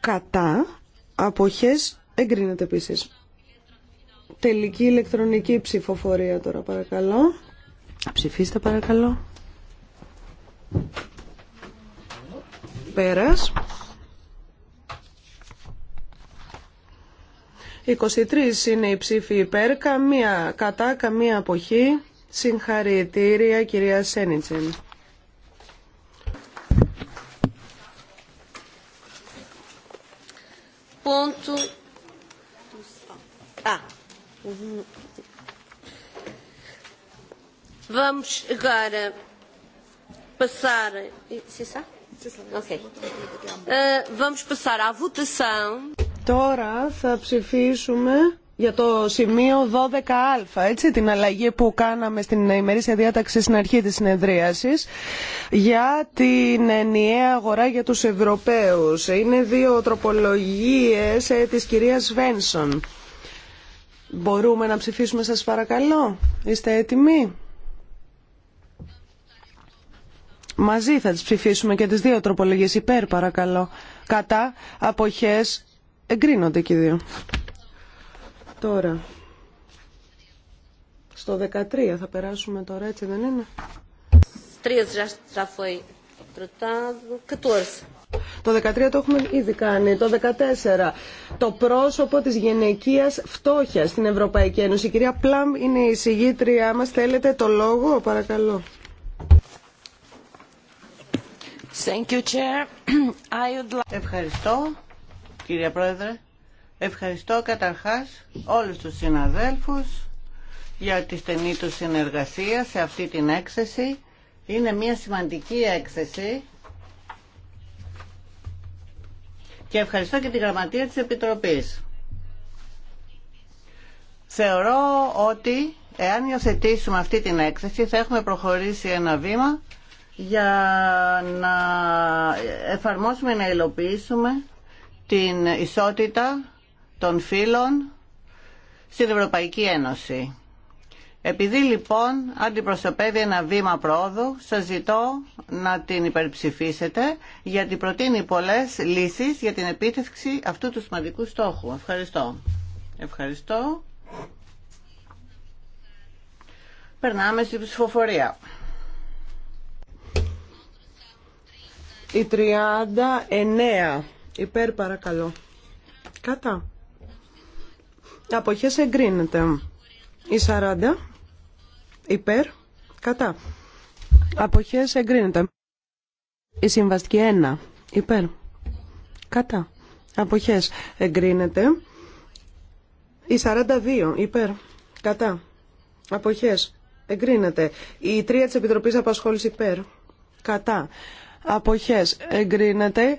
κατά απόχες εγκρίνεται επίσης τελική ηλεκτρονική ψηφοφορία τώρα παρακαλώ ψηφίστε παρακαλώ πέρας 23 είναι η ψήφοι υπέρ, καμία κατά, καμία αποχή. Συγχαρητήρια κυρία Σένιτσεν. ponto. Ah. Vamos agora passar. Okay. Uh, vamos passar à votação. Τώρα θα ψηφίσουμε για το σημείο 12α, έτσι, την αλλαγή που κάναμε στην ημερήσια διάταξη στην αρχή της συνεδρίασης για την ενιαία αγορά για τους Ευρωπαίους. Είναι δύο τροπολογίες ε, της κυρίας Βένσον. Μπορούμε να ψηφίσουμε σας παρακαλώ. Είστε έτοιμοι. Μαζί θα τις ψηφίσουμε και τις δύο τροπολογίες υπέρ παρακαλώ. Κατά αποχές εγκρίνονται και οι δύο. Τώρα, στο 13 θα περάσουμε τώρα, έτσι δεν είναι. Το 13 το έχουμε ήδη κάνει. Το 14. Το πρόσωπο της γυναικείας φτώχεια στην Ευρωπαϊκή Ένωση. Η κυρία Πλάμ είναι η συγγήτριά μας. Θέλετε το λόγο, παρακαλώ. Thank you, Chair. I would... Ευχαριστώ, κυρία Πρόεδρε. Ευχαριστώ καταρχάς όλους τους συναδέλφους για τη στενή του συνεργασία σε αυτή την έκθεση. Είναι μια σημαντική έκθεση και ευχαριστώ και τη Γραμματεία της Επιτροπής. Θεωρώ ότι εάν υιοθετήσουμε αυτή την έκθεση θα έχουμε προχωρήσει ένα βήμα για να εφαρμόσουμε, να υλοποιήσουμε την ισότητα των φίλων στην Ευρωπαϊκή Ένωση. Επειδή λοιπόν αντιπροσωπεύει ένα βήμα πρόοδου, σας ζητώ να την υπερψηφίσετε γιατί προτείνει πολλές λύσεις για την επίτευξη αυτού του σημαντικού στόχου. Ευχαριστώ. Ευχαριστώ. Περνάμε στην ψηφοφορία. Η 39. Υπέρ παρακαλώ. Κατά. Αποχές εγκρίνεται. Η 40 υπέρ κατά. Αποχές εγκρίνεται. Η συμβαστική 1 υπέρ κατά. Αποχές εγκρίνεται. Η 42 υπέρ κατά. Αποχές εγκρίνεται. Η 3 της Επιτροπής Απασχόληση υπέρ κατά. Αποχές εγκρίνεται.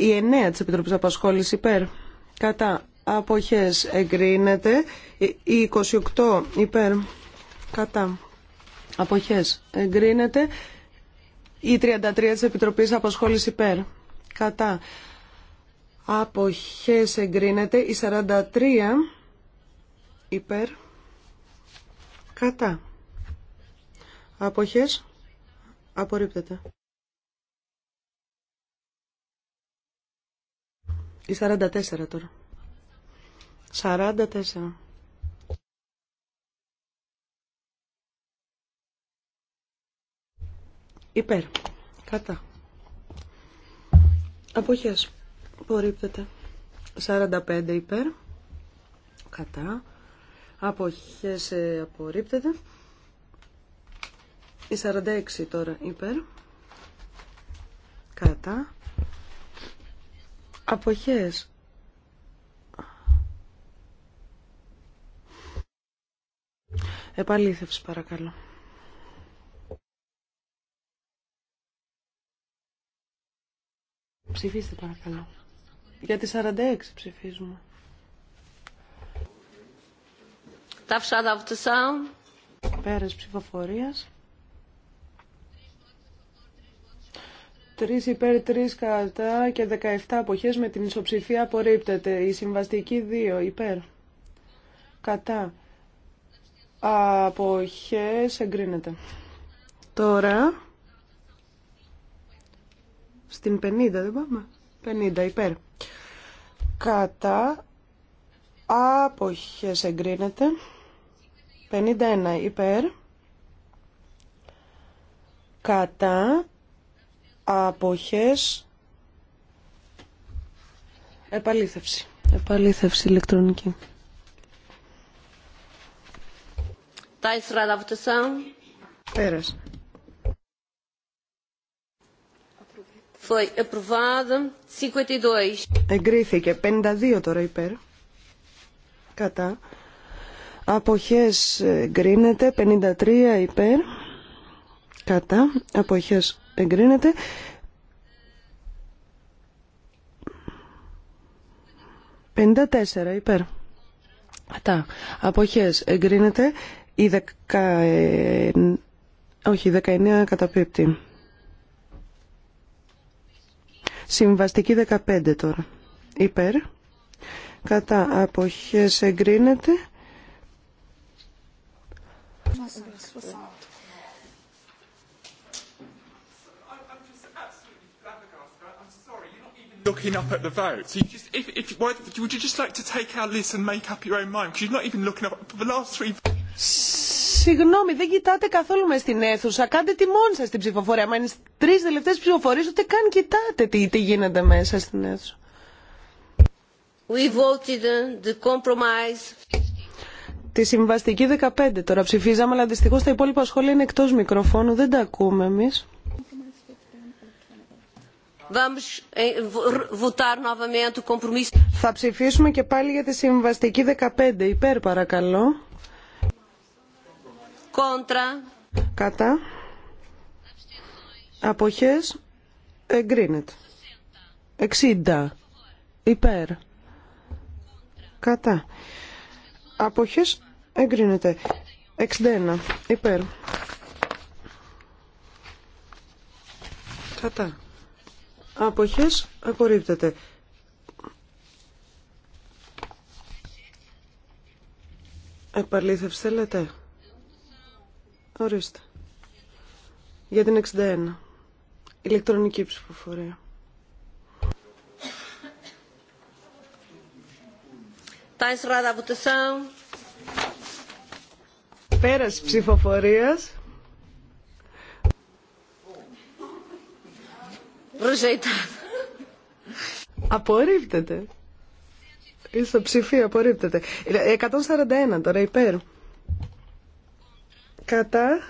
Η 9 της Επιτροπής Απασχόληση υπέρ κατά αποχές εγκρίνεται 28 υπέρ κατά αποχές εγκρίνεται η 33 της Επιτροπής αποσχόληση υπέρ κατά αποχές εγκρίνεται η 43 υπέρ κατά αποχές απορρίπτεται η 44 τώρα 44. Υπέρ. Κατά. Αποχές. Απορρίπτεται. 45 υπέρ. Κατά. Αποχές ε, απορρίπτεται. Η 46 τώρα υπέρ. Κατά. Αποχές Επαλήθευση παρακαλώ. Ψηφίστε παρακαλώ. Για τη 46 ψηφίζουμε. Ταυσάδα από Πέρας ψηφοφορίας. Τρεις υπέρ, τρεις κατά και 17 αποχές με την ισοψηφία απορρίπτεται. Η συμβαστική 2 υπέρ. Κατά. Αποχές εγκρίνεται. Τώρα, στην 50 δεν πάμε. 50 υπέρ. Κατά, αποχές εγκρίνεται. 51 υπέρ. Κατά, αποχές επαλήθευση. Επαλήθευση ηλεκτρονική. Πέρας. Foi e Εγκρίθηκε. 52 τώρα υπέρ. Κατά. Αποχές εγκρίνεται. 53 υπέρ. Κατά. Αποχές εγκρίνεται. 54 υπέρ. Κατά. Αποχές εγκρίνεται. Η 19... Όχι, 19 καταπίπτει. Συμβαστική 15 τώρα. Υπέρ. Κατά αποχές εγκρίνεται. looking up at the vote. you just, if, if, why, would you just like to take our list and make up your own mind? Because you're not even looking up. the last three. Συγγνώμη, δεν κοιτάτε καθόλου μέσα στην αίθουσα. Κάντε τη μόνη σα την ψηφοφορία. Μα είναι τρει τελευταίε ψηφοφορίε, ούτε καν κοιτάτε τι, γίνεται μέσα στην αίθουσα. We voted uh, the compromise. Τη συμβαστική 15 τώρα ψηφίζαμε, αλλά δυστυχώ τα υπόλοιπα σχόλια είναι εκτό μικροφώνου. Δεν τα ακούμε εμεί. Ε, Θα ψηφίσουμε και πάλι για τη συμβαστική 15. Υπέρ παρακαλώ. Κατά. Αποχές. Εγκρίνεται. 60. Υπέρ. Κατά. Αποχές. Εγκρίνεται. 61. Υπέρ. Κατά. Αποχές. Απορρίπτεται. Επαλήθευση θέλετε. Ορίστε. Για την 61. Ηλεκτρονική ψηφοφορία. Πέραση encerrada a Πέρας ψηφοφορίας. Rejeitado. Απορρίπτεται. Η ψηφία απορρίπτεται. 141 ε, τώρα υπέρ κατά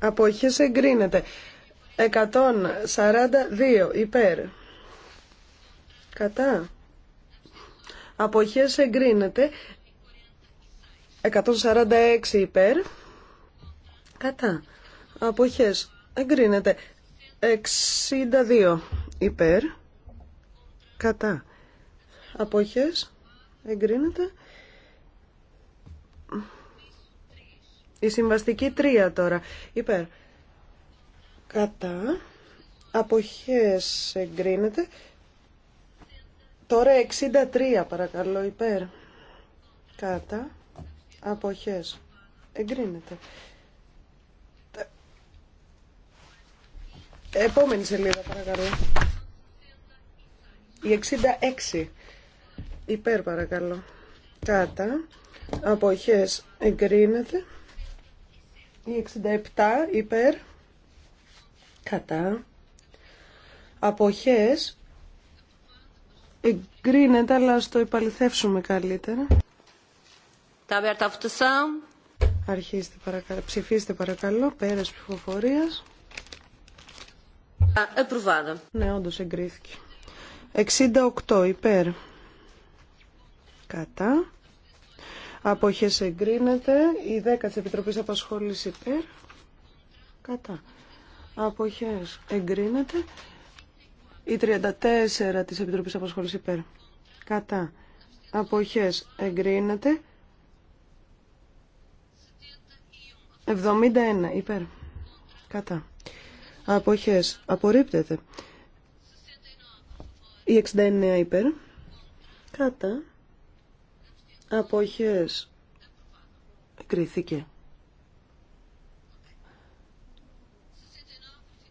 αποχές εγκρίνεται 142 υπέρ κατά αποχές εγκρίνεται 146 υπέρ κατά αποχές εγκρίνεται 62 υπέρ κατά αποχές εγκρίνεται Η συμβαστική 3 τώρα. Υπέρ. Κατά. Αποχές εγκρίνεται. Τώρα 63 παρακαλώ υπέρ. Κατά. Αποχές. Εγκρίνεται. Επόμενη σελίδα παρακαλώ. Η 66. Υπέρ παρακαλώ. Κατά. Αποχές εγκρίνεται. Η 67 υπέρ κατά αποχές εγκρίνεται αλλά ας το επαληθεύσουμε καλύτερα. Αρχίστε παρακαλώ, ψηφίστε παρακαλώ, πέρας ψηφοφορίας. Επρουβάδα. Ναι, όντω εγκρίθηκε. 68 υπέρ. Κατά αποχές εγκρίνεται. Η 10 της επιτροπη απασχόληση υπέρ. Κατά. Αποχές εγκρίνεται. Η 34 της Επιτροπής Απασχόλησης υπέρ. Κατά. Αποχές εγκρίνεται. 71 υπέρ. Κατά. Αποχές απορρίπτεται. Η 69 υπέρ. Κατά. Αποχές. Κρίθηκε.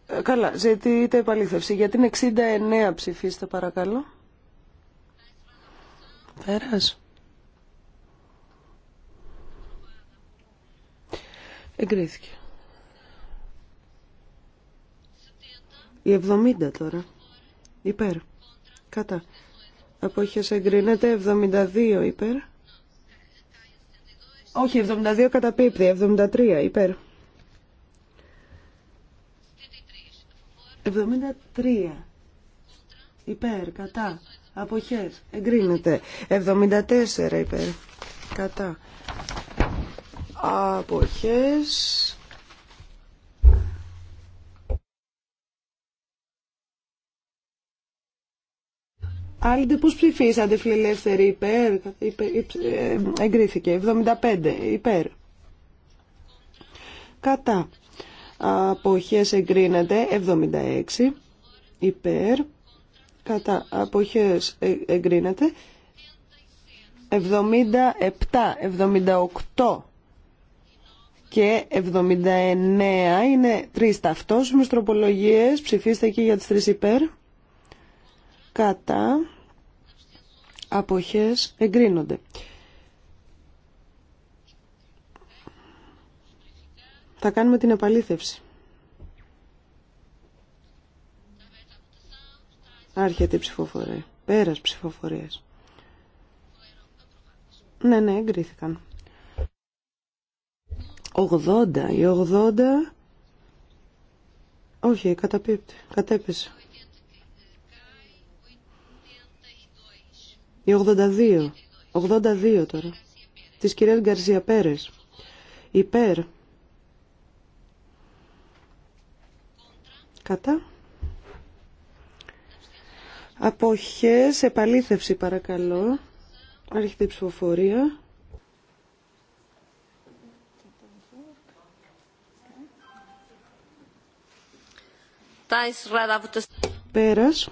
Ε, καλά, ζητείτε επαλήθευση. Για την 69 ψηφίστε παρακαλώ. Πέρας. Εγκρίθηκε. Η 70 τώρα. Υπέρ. Κατά. Απόχες εγκρίνεται 72 υπέρ. Όχι, 72 καταπίπτει, 73 υπέρ. 73 υπέρ, κατά, αποχές, εγκρίνεται. 74 υπέρ, κατά, αποχές, Άλλοι πώς ψηφίσατε φιλελεύθεροι υπέρ, υπέρ, ε, εγκρίθηκε, 75 υπέρ. Κατά αποχές εγκρίνεται 76 υπέρ. Κατά αποχές ε, εγκρίνεται 77, 78 και 79 είναι τρεις ταυτόσιμες τροπολογίες. Ψηφίστε εκεί για τις τρεις υπέρ κατά αποχές εγκρίνονται. Θα κάνουμε την επαλήθευση. Άρχεται η ψηφοφορία. Πέρας ψηφοφορίας. Ναι, ναι, εγκρίθηκαν. 80. Η 80... Όχι, καταπίπτει. Κατέπεσε. Η 82. 82 τώρα. Της κυρίας Γκαρσία Πέρες. Υπέρ. Κατά. Αποχές, επαλήθευση παρακαλώ. Άρχεται η ψηφοφορία. Πέρας.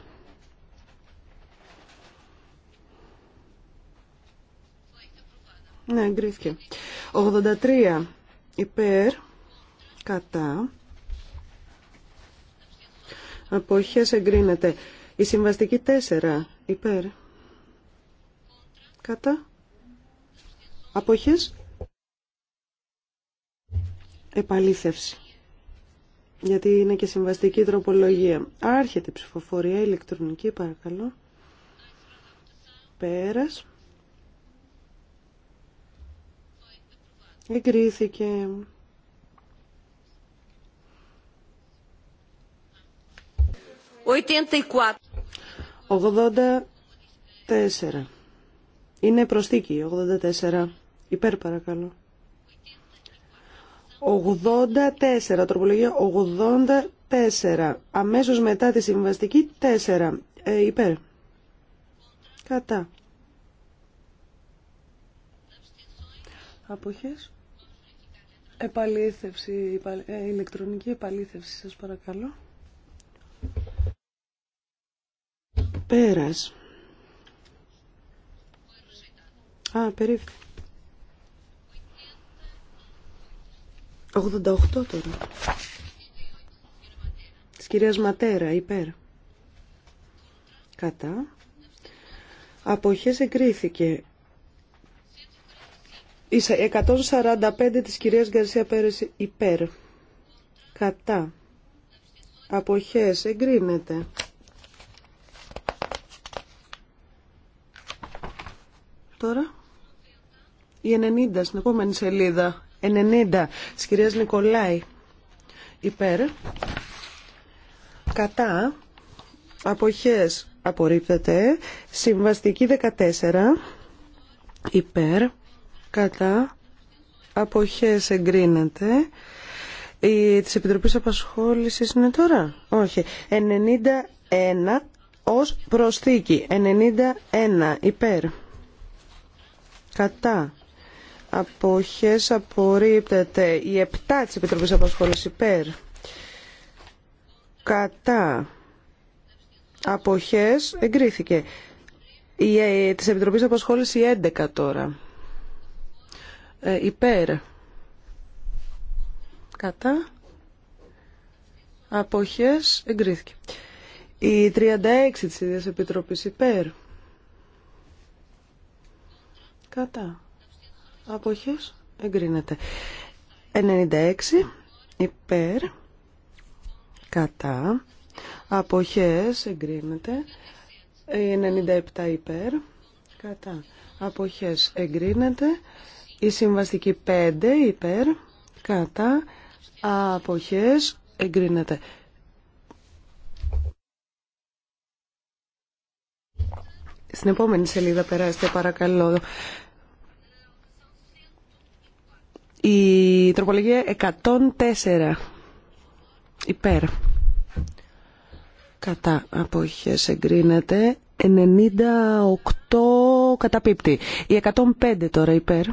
Ναι, εγκρίθηκε. 83 υπέρ, κατά. Αποχές εγκρίνεται. Η συμβαστική 4 υπέρ, κατά. Αποχές. Επαλήθευση. Γιατί είναι και συμβαστική τροπολογία. Άρχεται η ψηφοφορία ηλεκτρονική, παρακαλώ. Πέρας. Εγκρίθηκε. 84. Είναι προστίκη. 84. Υπέρ παρακαλώ. 84. Τροπολογία 84. Αμέσως μετά τη συμβαστική 4. Ε, υπέρ. Κατά. Αποχές. Επαλήθευση, ε, ηλεκτρονική επαλήθευση σας παρακαλώ. Πέρας. Α, περίφθη. 88 τώρα. Της κυρίας Ματέρα, υπέρ. Κατά. Αποχές εγκρίθηκε. Είσαι 145 της κυρίας Γκαρσία Πέρες υπέρ. Κατά. Αποχές. Εγκρίνεται. Τώρα. Η 90 στην επόμενη σελίδα. 90 της κυρίας Νικολάη. Υπέρ. Κατά. Αποχές. Απορρίπτεται. Συμβαστική 14. Υπέρ κατά αποχές εγκρίνεται η, της Επιτροπής Απασχόλησης είναι τώρα όχι 91 ως προσθήκη 91 υπέρ κατά αποχές απορρίπτεται η 7 της Επιτροπής Απασχόλησης υπέρ κατά αποχές εγκρίθηκε η, ε, της Επιτροπής Απασχόλησης 11 τώρα ε, υπέρ κατά αποχές εγκρίθηκε. Η 36 της ίδιας επιτροπής υπέρ κατά αποχές εγκρίνεται. 96 υπέρ κατά αποχές εγκρίνεται. 97 υπέρ κατά αποχές εγκρίνεται. Η συμβαστική 5 υπέρ κατά αποχές εγκρίνεται. Στην επόμενη σελίδα περάστε παρακαλώ. Η τροπολογία 104 υπέρ κατά αποχές εγκρίνεται 98 καταπίπτει. Η 105 τώρα υπέρ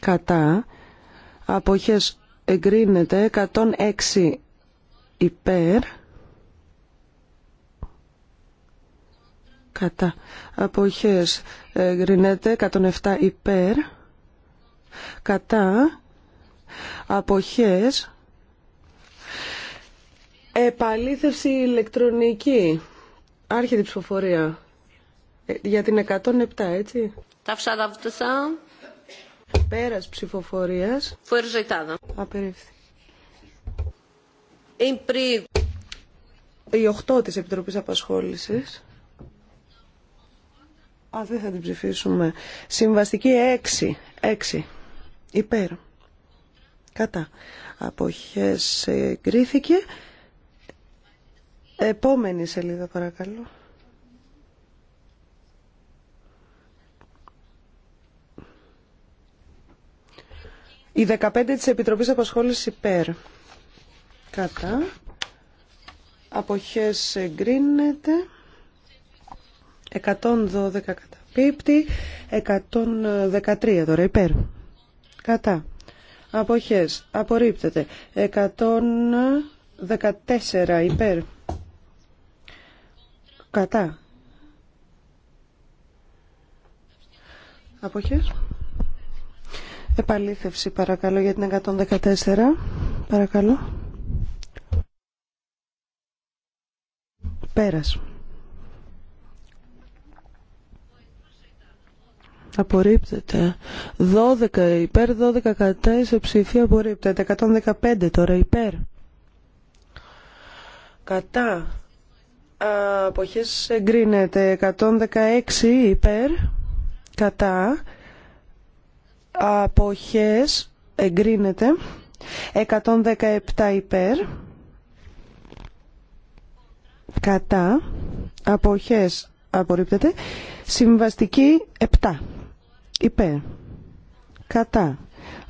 κατά αποχές εγκρίνεται 106 υπέρ κατά αποχές εγκρίνεται 107 υπέρ κατά αποχές επαλήθευση ηλεκτρονική άρχεται ψηφοφορία ε, για την 107 έτσι τα Πέρας ψηφοφορίας. Απερίφθη. Η 8 της Επιτροπής Απασχόλησης. Α, δεν θα την ψηφίσουμε. Συμβαστική 6. 6. Υπέρ. Κατά. Αποχές εγκρίθηκε. Επόμενη σελίδα παρακαλώ. Η 15 της Επιτροπής Απασχόλησης υπέρ. Κατά. Αποχές εγκρίνεται. 112 καταπίπτει. 113 τώρα υπέρ. Κατά. Αποχές. Απορρίπτεται. 114 υπέρ. Κατά. Αποχές. Επαλήθευση παρακαλώ για την 114. Παρακαλώ. Πέρας. Απορρίπτεται. 12 υπέρ, 12 κατά, ψηφία, απορρίπτεται. 115 τώρα υπέρ. Κατά. Αποχές εγκρίνεται. 116 υπέρ. Κατά αποχές εγκρίνεται 117 υπέρ κατά αποχές απορρίπτεται συμβαστική 7 υπέρ κατά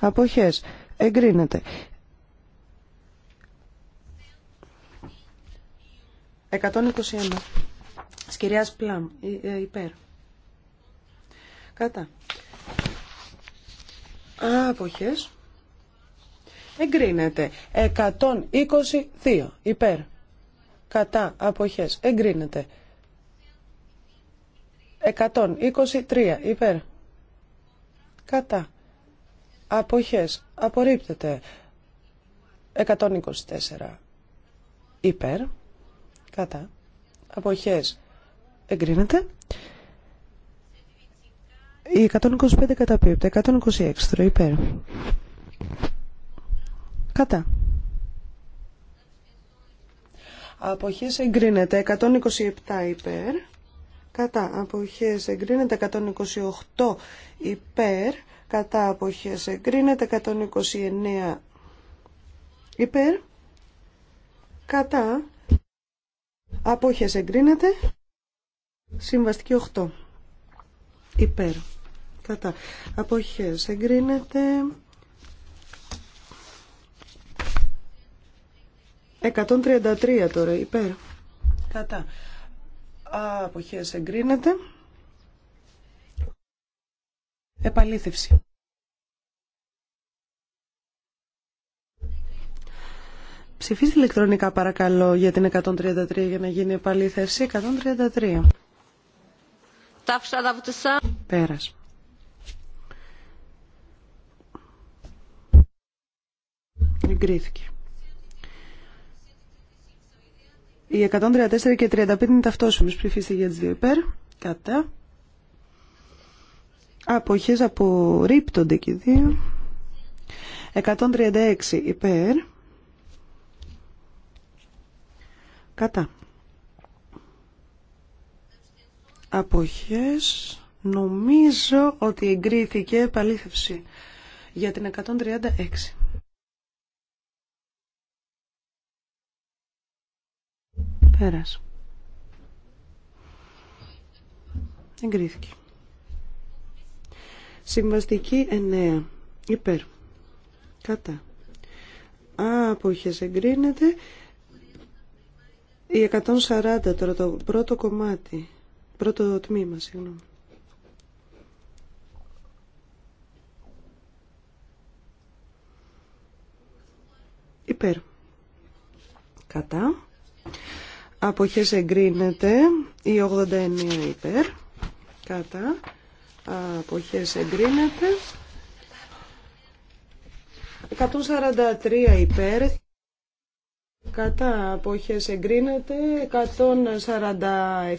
αποχές εγκρίνεται 121 σκυριάς πλάμ ε, ε, υπέρ κατά Αποχές. Εγκρίνεται. 122 υπέρ. Κατά. Αποχές. Εγκρίνεται. 123 υπέρ. Κατά. Αποχές. Απορρίπτεται. 124 υπέρ. Κατά. Αποχές. Εγκρίνεται. Η 125 καταπίπτει. 126 τρώει υπέρ. Κατά. Αποχές εγκρίνεται 127 υπέρ. Κατά αποχές εγκρίνεται 128 υπέρ. Κατά αποχές εγκρίνεται 129 υπέρ. Κατά αποχές εγκρίνεται συμβαστική 8 υπέρ κατά αποχές εγκρίνεται 133 τώρα υπέρ κατά αποχές εγκρίνεται επαλήθευση Ψηφίστε ηλεκτρονικά παρακαλώ για την 133 για να γίνει επαλήθευση. 133. Πέρας. Εγκρίθηκε. Οι 134 και 35 είναι ταυτόσιμες. Ψηφίστε για τις δύο υπέρ. Κατά. Αποχές απορρίπτονται και δύο. 136 υπέρ. Κατά. Αποχές. Νομίζω ότι εγκρίθηκε επαλήθευση για την 136. πέρασε. Εγκρίθηκε. Συμβαστική 9. Υπέρ. Κατά. Άποχες εγκρίνεται. Η 140 τώρα το πρώτο κομμάτι. Πρώτο τμήμα, συγγνώμη. Υπέρ. Κατά. Αποχές εγκρίνεται. Η 89 υπέρ. Κατά. Αποχές εγκρίνεται. 143 υπέρ. Κατά αποχές εγκρίνεται. 147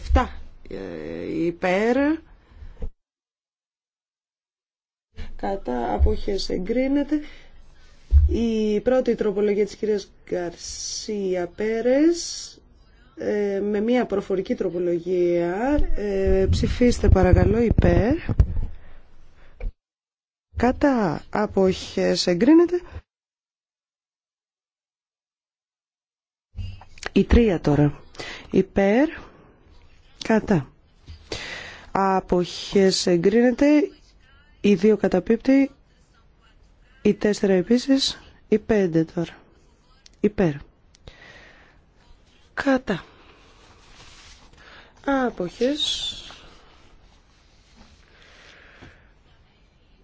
ε, υπέρ. Κατά αποχές εγκρίνεται. Η πρώτη τροπολογία της κυρίας Γκαρσία Πέρες ε, με μια προφορική τροπολογία. Ε, ψηφίστε παρακαλώ υπέρ. Κατά αποχές εγκρίνεται. Η τρία τώρα. Υπέρ. Κατά. Αποχές εγκρίνεται. Η δύο καταπίπτει. Η τέσσερα επίσης. Η πέντε τώρα. Υπέρ. Κατά. Άποχες.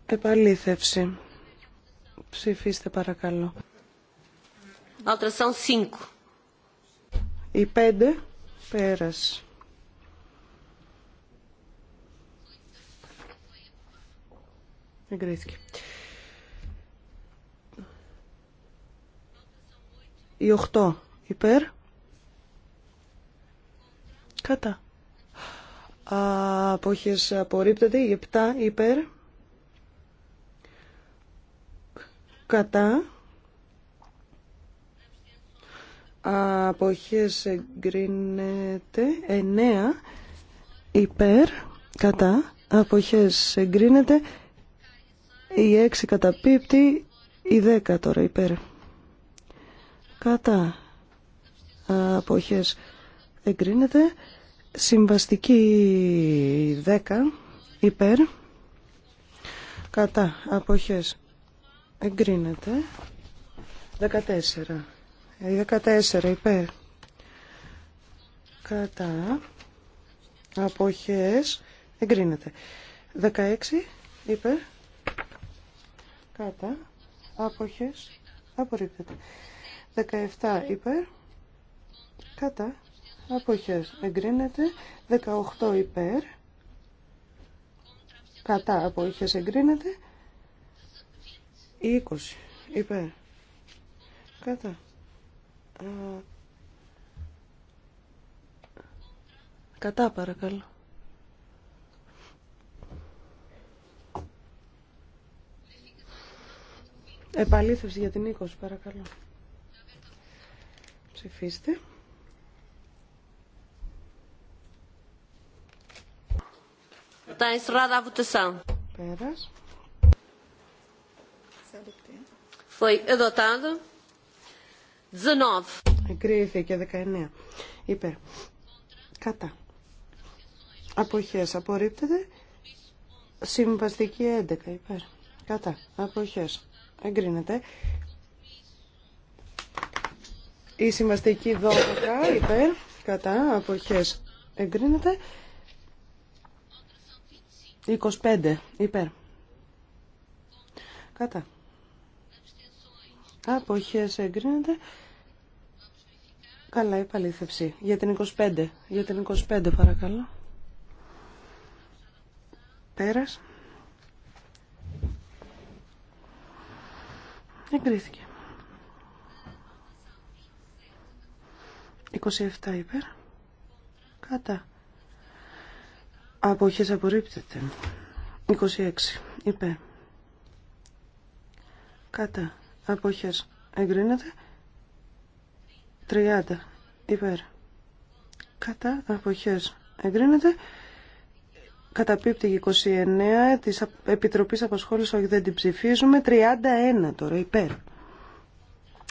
Επαλήθευση. Ψηφίστε παρακαλώ. Alteração 5. Η 5 πέρας. Εγκρίθηκε. Η 8 υπέρ. Κατά απόχες απορρίπτεται η 7 υπέρ κατά αποχές εγκρίνεται 9 υπέρ κατά αποχές εγκρίνεται η 6 καταπίπτει η 10 τώρα υπέρ κατά αποχές εγκρίνεται Συμβαστική 10 υπέρ κατά αποχές εγκρίνεται 14 14 υπέρ κατά αποχές εγκρίνεται 16 υπέρ κατά αποχές απορρίπτεται 17 υπέρ κατά αποχές εγκρίνεται 18 υπέρ κατά αποχές εγκρίνεται 20 υπέρ κατά κατά παρακαλώ Επαλήθευση για την 20 παρακαλώ ψηφίστε Está encerrada a votação. Peras. Foi adotado. 19. Εγκρίθηκε 19. Υπέρ. Κατά. Αποχές. Απορρίπτεται. Συμβαστική 11. Υπέρ. Κατά. Αποχές. Εγκρίνεται. Η συμβαστική 12. Υπέρ. Κατά. Αποχές. Εγκρίνεται. 25 υπέρ. Κατά. Αποχές εγκρίνεται. Καλά, υπαλήθευση. Για την 25. Για την 25 παρακαλώ. Πέρας. Εγκρίθηκε. 27 υπέρ. Κατά. Αποχές απορρίπτεται. 26. Υπέρ. Κατά. Αποχές εγκρίνεται. 30. Υπέρ. Κατά. Αποχές εγκρίνεται. Καταπίπτει 29 της Επιτροπής Απασχόλησης, όχι δεν την ψηφίζουμε. 31 τώρα, υπέρ.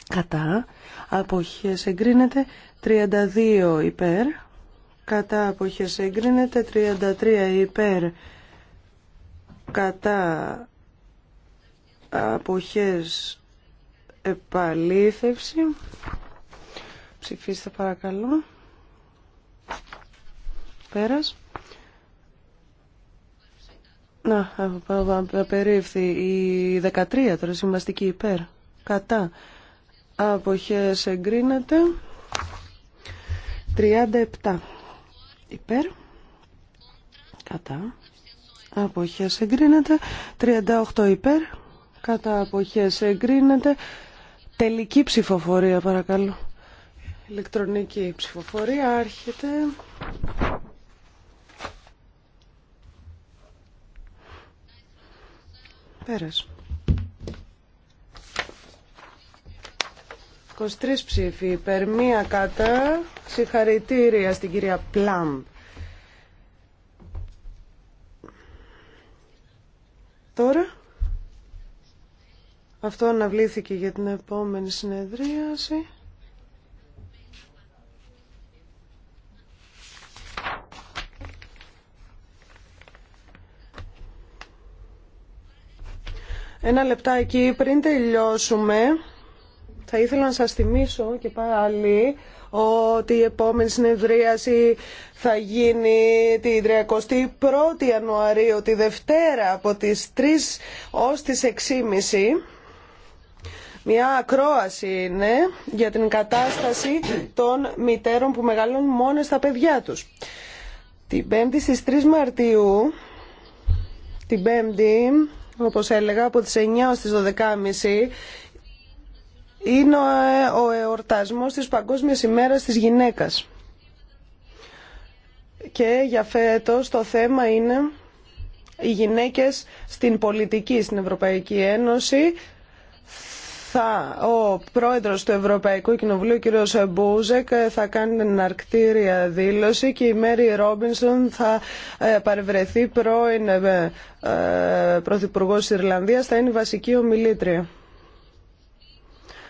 Κατά. Αποχές εγκρίνεται. 32 υπέρ κατά αποχές εγκρίνεται 33 υπέρ κατά αποχές επαλήθευση ψηφίστε παρακαλώ πέρας να, απερίφθη η 13 τώρα σημαστική υπέρ κατά αποχές εγκρίνεται 37 υπέρ κατά αποχές εγκρίνεται 38 υπέρ κατά αποχές εγκρίνεται τελική ψηφοφορία παρακαλώ ηλεκτρονική ψηφοφορία άρχεται πέρας 23 ψήφοι υπέρ, μία κατά. Συγχαρητήρια στην κυρία Πλάμ. Τώρα, αυτό αναβλήθηκε για την επόμενη συνεδρίαση. Ένα λεπτά πριν τελειώσουμε. Θα ήθελα να σας θυμίσω και πάλι ότι η επόμενη συνεδρίαση θα γίνει τη 31η Ιανουαρίου, τη Δευτέρα, από τις 3 ως τις 6.30. Μια ακρόαση είναι για την κατάσταση των μητέρων που μεγαλώνουν μόνο τα παιδιά τους. Την 5η στις 3 Μαρτίου, την 5η, όπως έλεγα, από τις 9 ως τις 12.30 είναι ε, ο εορτασμός της Παγκόσμιας ημέρας της γυναίκας. Και για φέτος το θέμα είναι οι γυναίκες στην πολιτική στην Ευρωπαϊκή Ένωση. Θα, ο πρόεδρος του Ευρωπαϊκού Κοινοβουλίου, κ. Μπούζεκ, θα κάνει αρκτήρια δήλωση και η Μέρι Ρόμπινσον θα ε, παρευρεθεί πρώην ε, ε, πρωθυπουργός της Ιρλανδίας, θα είναι η βασική ομιλήτρια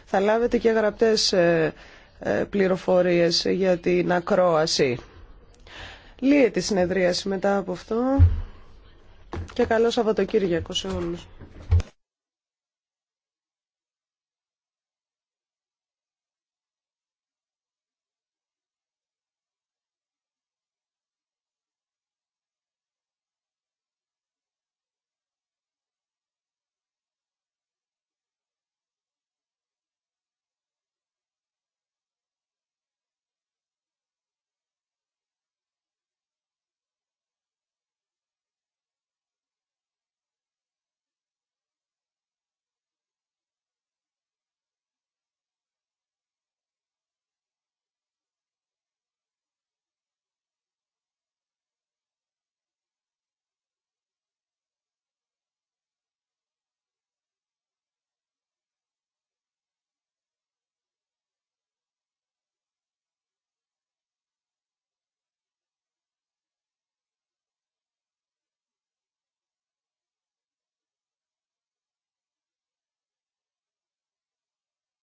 θα λάβετε και γραπτές ε, ε, πληροφορίες για την ακρόαση. Λύεται η συνεδρίαση μετά από αυτό και καλό Σαββατοκύριακο σε όλους.